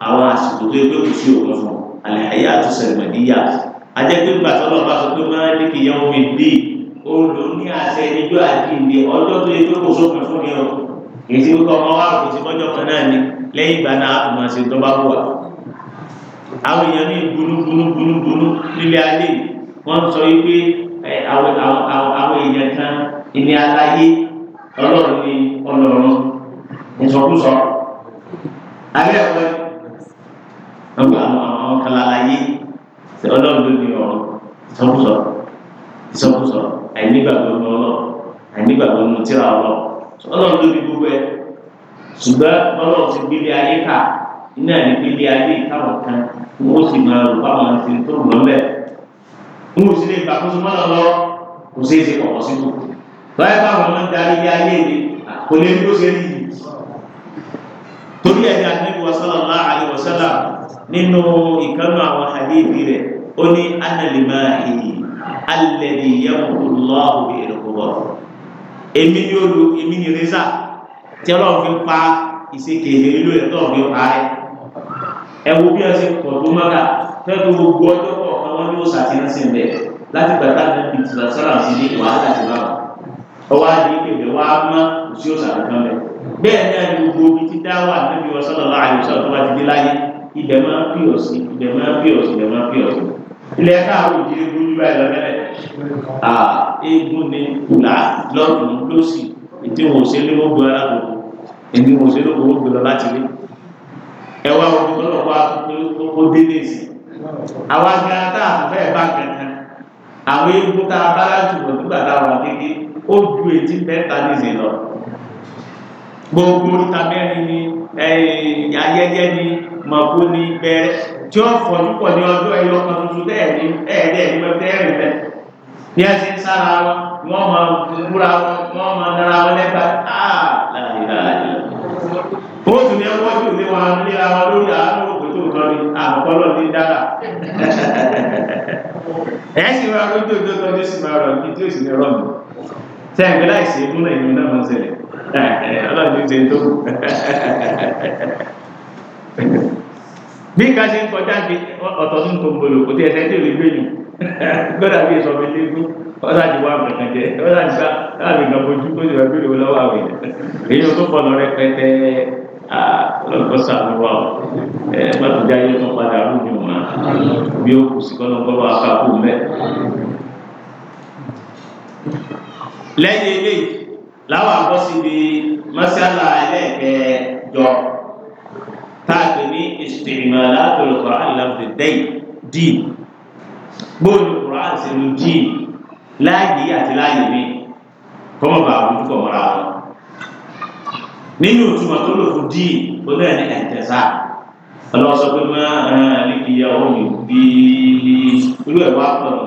àwọn àsìkò tó gbé kò sí òkun fún alẹ́ ayé àtúnṣẹ̀lẹ̀mọ̀díyà ajẹ́ pé gbà tọ́lọ́ bá sọ pé máa ní kí yẹn omi dì ó lò ní àṣẹ níjọ́ àjíǹde ọjọ́ tó yẹ pé kò sópin fún mi o kì í ti wípé ọmọ wa kò sí mọ́jọ́ kan náà ni lẹ́yìn ìgbà náà a máa ṣe tó bá wù wá. àwọn èèyàn ní gbunú gbunú gbunú gbunú nílé ayé wọ́n sọ wípé àwọn èèyàn kan ìní aláyé ọlọ́run ní ọlọ́run ìsọkúsọ alẹ́ ọ̀pẹ ọgbà àwọn kàlàyé ṣe ọlọ́run ló ní ọ̀rọ̀ ìsọkúsọ ìsọkúsọ àìnígbàgbọ́ ní ọlọ́ àìnígbàgbọ́ ní tíra ọlọ́ ọlọ́run ló ní gbogbo ẹ ṣùgbọ́n ọlọ́run ti gbélé ayé kà iná ní gbélé ayé káwọn kan wọ́n sì máa rò báwọn ti tó mọ́ mẹ́ wọ́n sì lè gbàkóso mọ́ lọ́wọ́ kò sí lọ́yẹ́ báwọn máa ń darí ilé ayé mi kò lè dúró sí ẹni yìí torí ẹni àdébí wasálàlá àdébọ̀sálà nínú ìkànnì àwọn àdébí rẹ̀ ó ní ánàlìmá èyí alẹ́dì yẹ́wò lọ́wọ́ ìrọ̀kọ̀wọ́ èmi ni ó lu èmi ni rẹ́sà tí ọlọ́run fi pa ìsekèlè lílo ẹ̀ tó ọ̀gbìn parẹ́ ẹ wo bí ọsẹ pọ̀ tó mọ́ta fẹ́ tó gbogbo ọjọ́ kọ̀ọ̀kan wọn ni ó sàtìrẹ́sìn bẹ̀ láti gbàtà níbi tìlọ̀sọ́ràn sí ní wàhálà ìbáwọ̀ ọwọ́ àdìyí pèpè wá mọ́ òsì òsàlù kan bẹ̀. bẹ́ẹ̀ náà ni gbogbo omi ti dá wà níbi ọ̀sọ́dọ̀ láàyè ọ̀sọ́dọ̀ tó bá ti dé láyé ibẹ̀ máa ń pìọ̀ sí ibẹ̀ máa ń pìọ̀ sí ibẹ̀ máa ń pìọ̀ sí. ilẹ̀ káàró ìdílé burúkú báyìí lọ mẹ́rẹ̀. eégún ni kùlá lọ́ọ̀dún lọ́sì ètò òṣèlú gbogbo alákòókò èmi òṣèlú gbogbo lọ láti rí ẹwà olùkọ́lọ́wọ́ ó dé léèsì àwọn agbára tá a fẹ́ bá kankan àwọn eégún tá a bá jùlọ nígbà táwọn akéèké ó ju ètí mẹ́ta nìyí lọ gbogbo ìta mẹ́rin ni ayẹyẹ ni màkó ni bẹ́ẹ̀ tí ó fọdú ní ọjọ́ ẹyọ kan tuntun bẹ́ẹ̀ ni ẹ̀ẹ́dẹ́ ni wọ́n bẹ́ẹ̀ rìn bẹ́ẹ̀ bí a ti ń sára wọn wọ́n máa wúra wọn wọ́n máa nara wọn lẹ́gbàá áà láàyè láàyè ó sì ní ẹwọ́ tí ò ní wọn léra wọn lórí àánú òkòtò lórí àkọlọ́ ní dára ẹ̀ sì máa rọ́jò tó tọ́jú sí máa rọ̀ kí tí ò sì ní rọ̀ tẹ́ ẹ̀gbẹ́ láìsí ìkúnlẹ̀ ìlú náà máa ń ṣẹlẹ̀ ọlọ́run ní ṣe ń tó bí nǹkan ṣe ń kọjá bí ọ̀tọ̀ tó ń kò tí ẹsẹ̀ tí ò lè gbé yìí gbọ́dọ̀ bí èso mi léegun ọ̀sán ti wá nǹkan jẹ ọ̀sán ti bá láàbì nǹkan bojú tó ti wá gbé lówó lọ́wọ́ àwẹ̀ èyí tó pọ̀ lọ rẹpẹtẹ ọlọ́kọ́ sàánú wa gbàdúrà yóò tún padà rú mi wọn bí ó kù sí kọ́nà kọ́ bá a lẹ́yìn eléyìí láwọn àbọ̀ síbi mọ́sálà ẹlẹ́gbẹ̀ẹ́jọ táàgbé ní ìṣèlérìmọ̀ látòlù Qur'an lọ́dún dẹ́yìn díì bóòlù Qur'an sínú díì láàyè àti láàyè mi kọ́mọ̀ bá àwùjọ kọ̀ mọ́ra wọn. nínú ìtumọ̀ tó lò fún díì ó náà ní ẹ̀ǹtẹ̀sà ọlọ́sọ pé máa ń rí iye ọ̀hún bí irú ẹ̀ wá pọ̀ lọ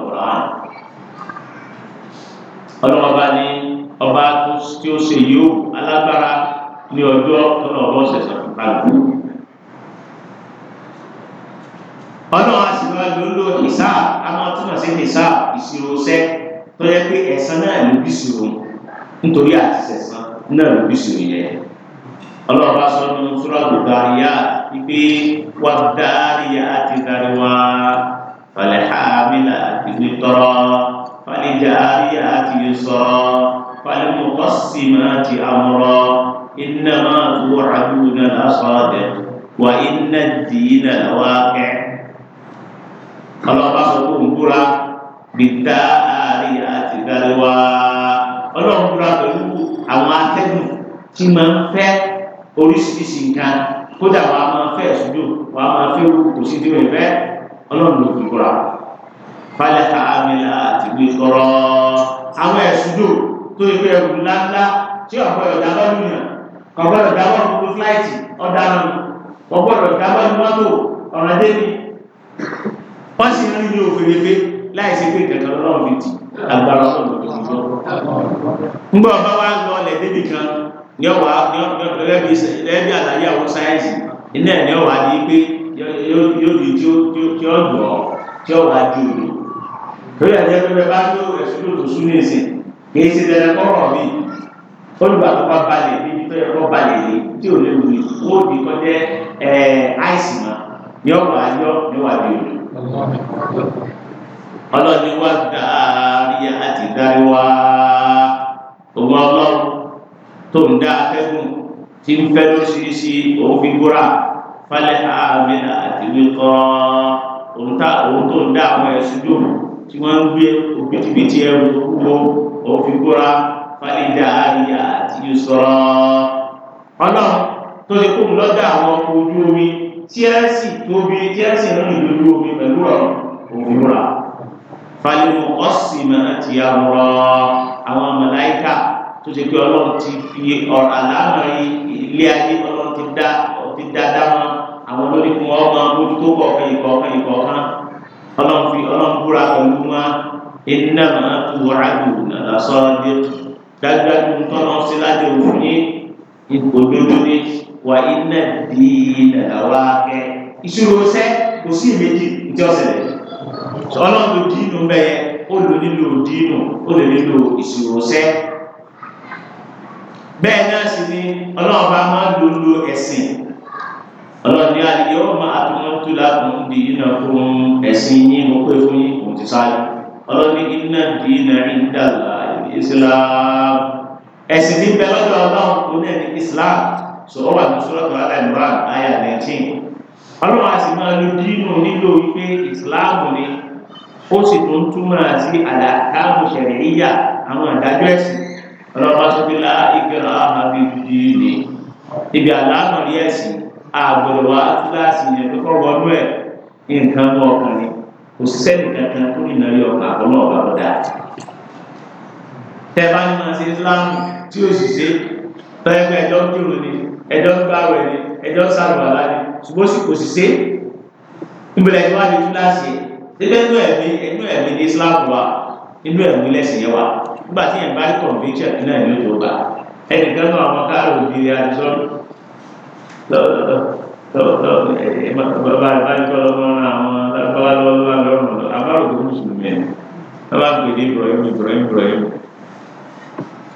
ọlọ́mọba ní ọba tí ó ṣe yóò alágbára ní ọjọ́ tọ́lọ̀ ọ̀bọ̀ ṣẹ̀ṣẹ̀ fún kálukú. ọlọ́run a sì máa lò lò ìsá a máa túmọ̀ sí ìsá ìṣirò ṣẹ́ tó yẹ pé ẹ̀san náà ló bí ṣòro nítorí àti ṣẹ̀san náà ló bí ṣòro yẹn. ọlọ́run bá sọ nínú túrọ̀dù dàríyà wípé wà dàríyà àti dàríwá falẹ̀ hàmìlà àti nítọ́rọ́. فلجاريات يسرا فالمقسمات أمرا إنما توعدون لصادق وإن الدين لواقع ọlọ́ba sọ fún òǹkúra gbìtá àárí àti ìdáríwá ọlọ́ọ̀kúra pẹ̀lú àwọn atẹ́gùn tí máa ń fẹ́ oríṣiríṣi nǹkan kódà wàá máa fẹ́ ẹ̀sùn jù wàá máa fẹ́ kò sí tí wọ́n fẹ́ ọlọ́ọ̀lù falẹ̀ àmìlà àti gbé kọ́rọ́ àwọn ẹ̀sùdò tó ìgbé ẹ̀rù ńláńlá tí ọ̀pọ̀ ọ̀dà lọ́dún yàn kọ̀gbọ́dọ̀ dáwọ́ gbogbo fúláìtì ọ̀dà lọ́nà kọ̀gbọ́dọ̀ dáwọ́ mọ́tò ọ̀rọ̀ dé ní wọ́n sì rí ní òfèrèfé láìsí pé ìkẹ̀kẹ̀ ọlọ́run fi ti agbára ọlọ́run tó ti lọ́wọ́. ńgbọ́ ọba wa ń lọ ọlẹ̀ débi kan ní ọwà lẹ́bí àlàyé àwọn sáyẹ́ǹsì iná ẹ̀ ní ọwà ní pé yóò di tí ó gbọ́ tí ọwà di òdo lórí ẹ̀jẹ̀ pé bá tó rẹ̀ sí lòdò sún ní ìsìn kì í ṣe dẹrẹ kọ́rọ̀ mi olùgbàkúpa balẹ̀ níbi tó yẹ kọ́ balẹ̀ yìí tí ò lè wù yìí kó o bí kọjá ẹ̀ áìsì mọ́ yọ wà yọ yọ wà bí o. ọlọ́ni wá dáríyá àti dáríwá òun ọlọ́run tó ń dá akẹ́gùn tí ń fẹ́ lóṣìṣì òun fi kúrà falẹ̀ àmì àti wíkọ́ òun tó ń dá àwọn ẹ̀sùn dùn tí wọ́n ń gbé òbítíbitì ẹrù púpọ̀ òfìkúra fàlídà àríyá àti ìṣòro ọlọ́run tó ti kóun lọ́dà àwọn ọkọ̀ ojú omi tí ẹ sì tóbi tí ẹ sì rìn lójú omi pẹ̀lú ọ̀rọ̀ òfìkúra fàlímù ọ̀sìnmọ̀ àti àwòrán àwọn màláíkà tó ti pé ọlọ́run ti fi ọ̀rọ̀ àlámọ̀rí ilé ayé ọlọ́run ti dá dáadáa wọn àwọn olórí fún ọmọ mójútó kọ̀ọ̀kan ìkọ̀ọ̀kan ìkọ̀ọ̀kan ọlọ́run fi ọlọ́run búra pẹ̀lú wa iná máa tu wàhálù nàdà sọ́ọ́dẹ́ dájúdájú tọ́nà síláàjò òfin ipò lójúdé wà iná di nàdà wá kẹ́ ìṣòro sẹ́ kò sí ìmẹ́jì ní ọ̀sẹ̀ rẹ̀ ọlọ́run ló dínú bẹ́ẹ̀ ó lò nílò dínú ó lè nílò ìṣòro sẹ́ bẹ́ẹ̀ náà sì ni ọlọ́run bá máa lò lò ẹ̀sìn ọlọ́run ní àlè yóò máa tó tó lákùn di iná fún ẹ̀sìn yín mo pé fún yín kò ti sáré ọlọ́ni iná di iná ìdá islam ẹ̀sìn ní bẹ́ẹ̀ lọ́dọ̀ ọlọ́run kò ní islam sọ̀rọ̀ wà ní sọ́lọ́tọ̀ aláìmọ́ràn àyà 19 ọlọ́run a sì máa lo dínú nílò wípé islam ni ó sì tún túmọ̀ sí àlàkáàmù ṣẹ̀ríyà àwọn àdájọ́ ẹ̀sìn ọlọ́run bá sọ pé láìpẹ́ rà á máa fi ibi àlàámọ̀ rí àgbọ̀lọ̀wà kíláàsì yẹn tó kọ́ wọnú ẹ̀ nǹkan mọ́ ọkàn ni kò sẹ́ni kankan tó nìyàn yọ ọkàn àbọ̀lọ̀ ọ̀gá ọ̀dà. tẹ́ bá ń mọ̀ sí Islam tí ó sì ṣe tọ́yẹ́ pé ẹjọ́ ń kírò ni ẹjọ́ ń gbáwẹ̀ ni ẹjọ́ ń sàlùwàlá ni ṣùgbọ́n sì kò sì ṣe ìbílẹ̀ ìwádìí kíláàsì síbẹ̀ inú ẹ̀mí inú ẹ̀mí ní Islam wa inú ẹ̀mí lẹ́sìn yẹn wa nígbà tí yẹn bá rí conviction náà ní ojú ọgbà ẹnìkan náà àwọn káàrò òbí rẹ̀ àdìsọ́nù bàbá ìbájúkọ lọ́wọ́ àwọn bàbá lọ́wọ́ lọ́rùn àbárò tó mùsùlùmí ẹ̀ bàbá ń pè ní Ibrahim Ibrahim Ibrahim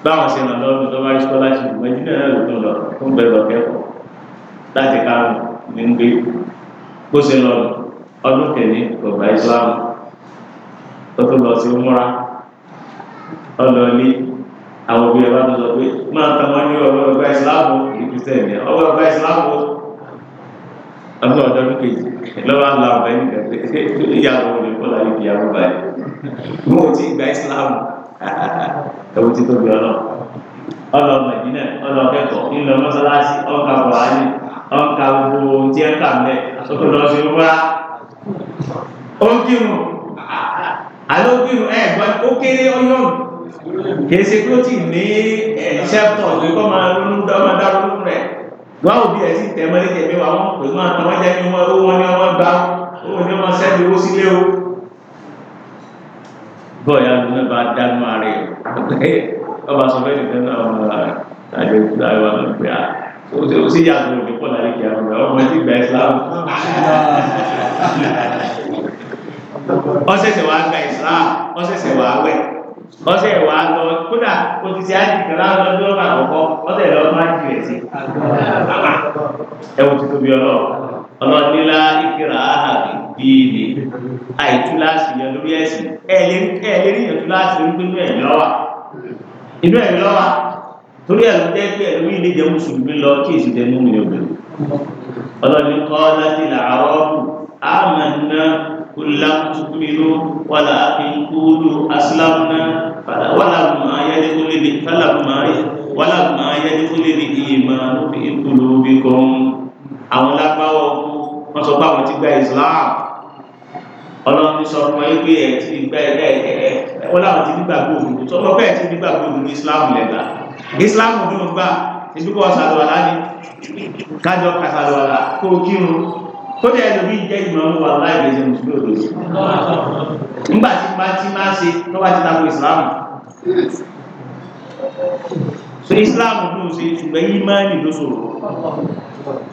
báwọn ṣe ràn lọ́wọ́ tó bá ṣọ́ láti ìlú ẹ̀jẹ̀ náà ló tó lọ tó ń bẹ lọ kẹ́kọ̀ọ́ láti kárùn ní ń gbé bó ṣe lọ ọdún kẹ̀lé ọ̀gbà Islam tó tó lọ sí múra ọlọ́ọ̀lẹ́ àwọn òbí ẹ bá tó sọ pé máa ta wọn ní ọwọ́ ẹgbẹ́ ìsìláàmù ní kìrìsìtẹ́nì ọwọ́ ẹgbẹ́ ìsìláàmù ọmọ ọ̀dọ́ ní kejì lọ́wọ́ àlọ́ àbẹ́ nìkan pé ìyàwó rẹ̀ kọ́ láyé di ìyàwó báyìí mo ti gba ìsìláàmù ẹ̀wọ́n ti tóbi ọlọ́ ọlọ mẹ̀dínà ọlọ kẹ́kọ̀ọ́ ńlọ mọ́sálásí ọ̀ka buhari ọ̀ka gbogbo tí ẹ̀ka mẹ́ ọ̀tọ̀lọ́sẹ̀ wá ó kírun àlọ́ kírun ẹ̀ kìí ṣe kí ó ti ní ṣẹ́fọ̀ pé kọ́ máa ronú dọ́mọ dá ronú rẹ̀ wá òbí ẹ̀ sì tẹ̀ mọ́lẹ́ jẹ̀bi wà wọ́n pè wọ́n àtàwọn jẹ́ ní wọ́n wọ́n ní wọ́n gbá wọ́n ní wọ́n sẹ́ni owó sílé o. bọ́ọ̀yà ló ní bá dánú ààrẹ ọba sọ fẹ́ẹ́ nìkan náà ọmọ àjọ ìtura ìwà ló ń pè á o sì yàgò òní pọ̀ láyé kí àwọn ọmọ ti gba Islam. ọ̀sẹ̀sẹ̀ wàá gba Islam ọ̀sẹ̀sẹ̀ wàá wẹ̀ ọ̀sẹ̀ wà lọ kódà o ti ṣe àjìkà láwọn ọdún ọba àkọ́kọ́ ọ̀sẹ̀ lọ máa jù ẹ sí àbá ẹwù tó tóbi ọlọ ọlọdínlá ìkírà àhàbì bíi ni àìtúláàsì yẹn lórí ẹsìn ẹ lè rí yẹn túláàsì wípé inú ẹ̀mí lọ́wà inú ẹ̀mí lọ́wà torí ẹ̀ ló jẹ́ pé ẹ̀ lórí ilé jẹ́ mùsùlùmí lọ kí èsì jẹ́ mú mi obìnrin ọlọ́dún kọ́ láti làárọ̀ ọ̀hún àmọ́ náà. قل لم تؤمنوا ولكن قولوا أسلمنا ولما يدخل فلما ولما يدخل الإيمان في قلوبكم àwọn lágbáwọ wọn sọ pé àwọn ti gba Islam Ọlọ́run ti sọ fún ẹ pé ẹ ti gba ẹ ẹ wọn làwọn ti nígbà gbòòrò tó lọ bẹ́ẹ̀ ti nígbà gbòòrò ní Islam lẹgbà Islam dùn gbà ìdúkọ sàlùwàlá ni kájọ kàsàlùwàlá kó kírun kódà ẹlòmí jẹ́ ìmọ̀ọ́mù wà láì gbèsè mùsùlùmí òdòdó nígbà tí máa ti máa ṣe tó bá ti tako ìsìláàmù so ìsìláàmù dùn ṣe ṣùgbọ́n yí máa nì ló ṣòro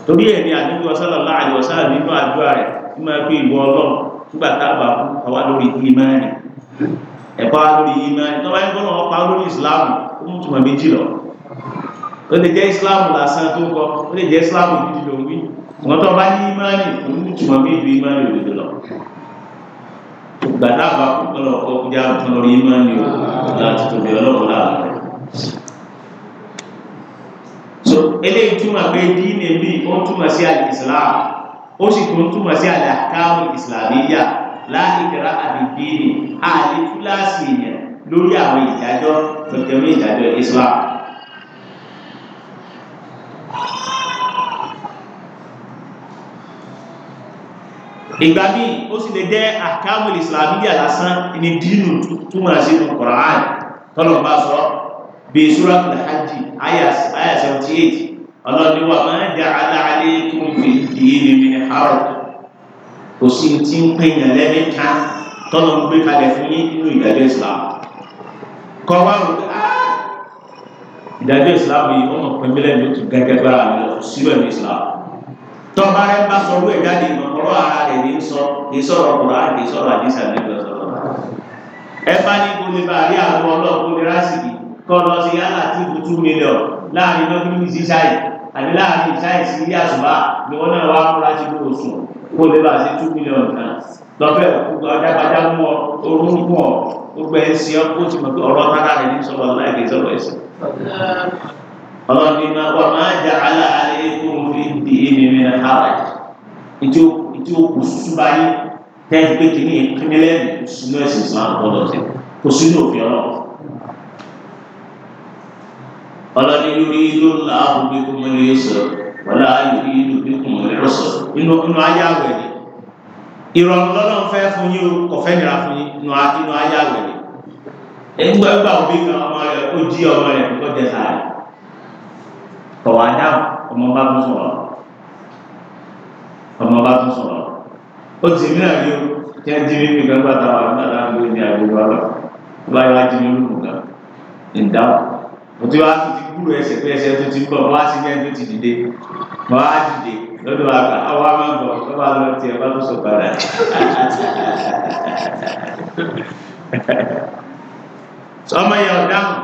torí ẹ̀ ní àdúgbò sallallahu alaihi wasallam nínú àdúrà rẹ̀ tí máa pé ìwọ ọlọ́run nígbà tá a bá kú àwa lórí yí máa nì ẹ̀bá lórí yí máa nì tó bá ń gbọ́n wọn pa lórí ìsìláàmù ó mú tùmọ̀ méjì lọ ó lè jẹ́ ìsìláàmù lásán tó ń kọ ó lè jẹ́ ìsìláàmù gidi lòun wí ṣùgbọ́n tó bá ní ìmáàlì kò ní ìtumọ̀ bí ìlú ìmáàlì òdodo lọ. gbàdá àbá kókó lọ kó kújà tó lórí ìmáàlì o láti tóbi ọlọ́run láàrin so eléyìí túmọ̀ pé díìnì mi ó túmọ̀ sí àlè islam ó sì tún túmọ̀ sí àlè àkáwù islamiyya láìkẹ́rà àdìdíìnì àlè túláàsì yẹn lórí àwọn ìdájọ́ tó jẹ́ mọ́ ìdájọ́ islam. ìgbà bí ó sì lè jẹ́ àkáàmù ìsìlámíyà lásán ní dínú túmọ̀ sí ní Kùránì tọ́lọ̀ bá sọ bí Suratul Hajj àyà 78 ọlọ́ni wa máa ń dára láàrin tó ń fi dìínì mi ní harrod kò sí ti ń pènyàn lẹ́ni ká tọ́lọ̀ ń gbé kalẹ̀ fún yín nínú ìdájọ́ Islam kọ́ wá rò pé ah! ìdájọ́ Islam yìí wọ́n mọ̀ pé mílẹ̀ ló ti gẹ́gẹ́ bára mi lọ síbẹ̀ ní Islam tọ́ba rẹ bá sọ owó ẹ̀dá ni ọ̀rọ̀ ara rẹ̀ ní sọ kì í sọ̀rọ̀ kùrọ̀ á kì í sọ̀rọ̀ àdìsá nígbà sọ̀rọ̀. ẹ bá ní gbomi bá rí àwọn ọlọ́ọ̀kú ní rásìkì kọ́ lọ sí yálà tí kò tú mílíọ̀n láàrin lọ́gbìn ní sísáì àbí láàrin ìsáì sí ilé àṣùbá ni wọ́n náà wá kó láti gbó oṣù kó lè bá sí tú mílíọ̀n kan lọ́fẹ̀ ọ̀dápadà mú ọ orún mú ọ gbogbo ẹ̀ ń ṣe ọ ọlọ́dúnmá wà máa jà aláàlẹ́ ikún fi di èmi mìíràn hàrà ìtí ó kù súsú báyé tẹ́lẹ̀ pé kìíní ìpínlẹ̀ sínú ẹ̀sìn islam gbọ́dọ̀ tẹ̀ kò sínú òfin ọlọ́ ọlọ́dún lórí ló ń la àwọn bí kò mọ lóye sọ wọlé ayò bí ìlú bí kò mọ lóye sọ inú inú ayé àwẹ̀ ni ìrọ̀rùn lọ́dún fẹ́ fún yín o kò fẹ́ nira fún yín inú ayé àwẹ̀ ni ẹgbẹ́ gbà òbí kan ọmọ rẹ̀ ó jí ọmọ rẹ̀ kó jẹ sáré kọ̀wá dáhùn ọmọ bá tún sọ̀rọ̀ ọmọ bá tún sọ̀rọ̀ ó ti ní àyè tí a jírí mi gbàgbà táwa náà ń gbé ní àgbègbè àlọ́ tó bá yọ ajínigbé lùmù gan ìdáhùn mo ti wá tó ti kúrò ẹsẹ̀ pé ẹsẹ̀ tó ti bọ̀ wá sí ní ẹni tó ti dìde wá dìde lọ́dọ̀ àgbà àwọn amáǹgọ̀ tó bá lọ tiẹ̀ bá tó sọ padà sọmọ yẹn ọ̀dáhùn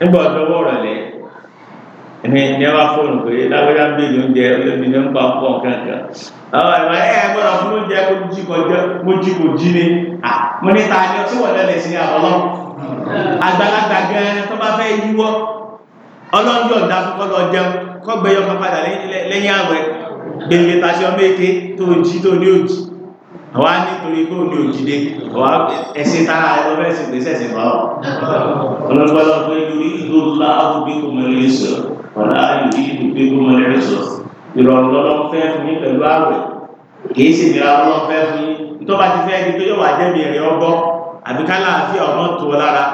nígbà ọ̀dọ́wọ́ rẹ̀ lẹ́yìn ní ní wá fóònù pé lágbájá ń bèèrè oúnjẹ olóbi ní ń pa ọkọ kankan àwọn ìwà ẹ ẹ gbọ́dọ̀ fún oúnjẹ kó jí kọjá mo jí kò jí ni mo ní ta ni ọtí wọlé lè sin àbọlọ àgbàlagbà gan tó bá fẹ́ yíwọ ọlọ́njọ́ ń dákú kọ́ lọ jẹun kọ́ gbẹyọ kan padà lẹ́yìn àwẹ̀ gbèlè tàṣẹ ọmọ èké tó jí tó ní òjì àwa nítorí pé òní òjìdé àwa ẹsẹ̀ tára ẹ̀rọ bẹ́ẹ̀ sì gbèsè ẹ̀sìn bá ọ ọlọ́gbọ́lọ́ pé lórí ọ̀nà àyùbí ìdúgbé gbọmọ lẹ́sọ̀ ìrọ̀rùn lọ́lọ́ fẹ́ fún yín pẹ̀lú àwẹ̀ kìí sì nira lọ́lọ́ fẹ́ fún yín nítorí bá ti fẹ́ di pé yóò wá jẹ́bi ẹ̀rẹ̀ ọgbọ́ àbí ká láàfin ọ̀nà tó o lára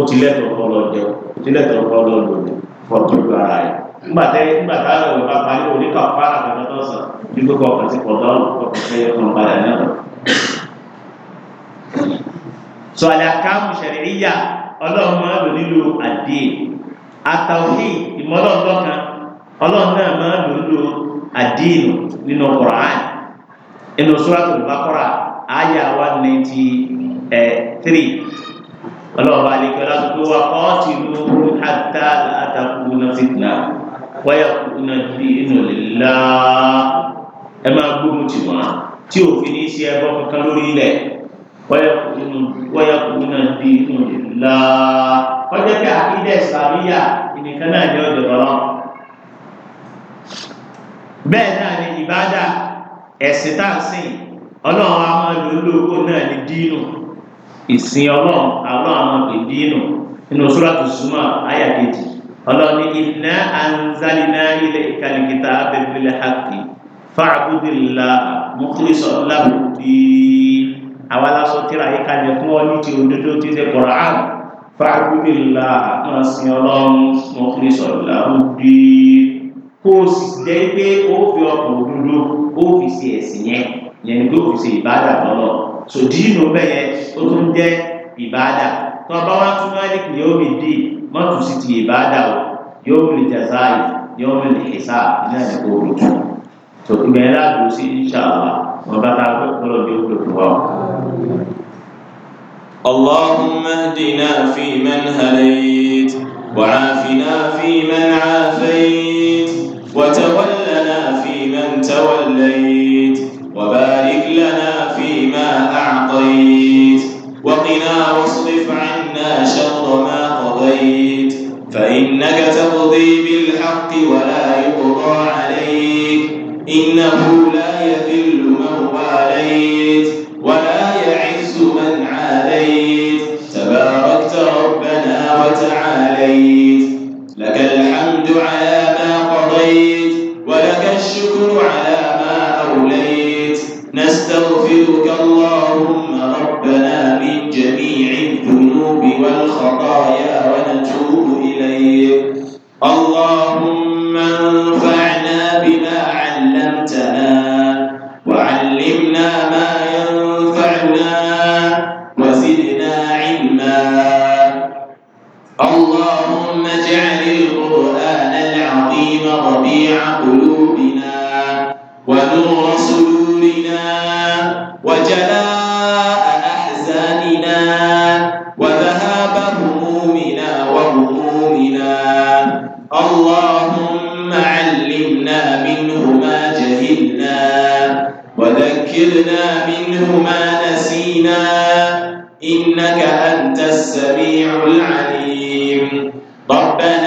ó ti lẹ́tọ̀ọ́ ọpọlọ jẹ ó ti lẹ́tọ̀ọ́ ọpọlọ lòdì fọ́tò ìlú ara rẹ̀ nígbà tẹ nígbà tá àwọn ìwà parí oníkà fara kankan tó sàn bí gbogbo ọkàn ti pọ̀ dọ́rùn ọkàn tó yẹ kàn padà náà. sọ̀lá káàmù ṣẹ̀ríyà ọlọ́run máa lò nílò àdéhùn àtàwí ìmọ̀lọ́ọ̀lọ́kan ọlọ́run náà máa ń lò ó àdínù nínú Qur'an inú Suratul Baqara àyà one ninety three ọlọ́ọ̀bá àlekẹ́ lásìkò wa qatiluhum hatta la takuna fitna wa yakuna dinu lillah ẹ máa gbógun tì wọ́n tí òfin ní í ṣe ẹbọ kankan lórí ilẹ̀ wọ́yàkùnà di inú ìlà ọjọ́ kí àkídẹ̀ sàríyà ìnìkan náà ní ọjọ́ lọ́rọ́ bẹ́ẹ̀ náà ni ìbádà ẹ̀sìn táàsìn ọlọ́run a máa lò lóògùn náà ní dínú ìsìn ọlọ́run àwọn àwọn pè dínú nínú Suratu Zuma ọlọ́run ní inna anzalna ilayka al àwa lásọ tíra yìí kalẹ̀ fún ọ ní ti òdodo tí ṣe kọ̀rọ̀ á fàgbélà máa sin ọlọ́run wọn kiri sọ̀rọ̀ láwùjọ kó o sì jẹ́ pé ó fi ọkọ̀ òdodo ó fi ṣe ẹ̀sìn yẹn yẹn o fi ṣe ìbáàdà lọ́lọ́ sòdìínú bẹ́ẹ̀ ó tún jẹ́ ìbáàdà tó bá wá tún wáyé kì yóò mi dì mọ́tò sì ti ìbáàdà o yóò mi lè jàzá yìí yóò mi lè ṣe sáà ní àdìgbò òdodo tó ìgbẹ́ láàbò sí inṣàlá. اللهم اهدنا فيمن هديت وعافنا فيمن عافيت وتولنا فيمن توليت وبارك لنا فيما أعطيت وقنا واصرف عنا شر ما قضيت فإنك تقضي بالحق ولا يقضى عليك إنه لا يذل زدنا علما اللهم اجعل القرآن العظيم ربيع قلوبنا ونور صدورنا وجلال السميع العليم ربنا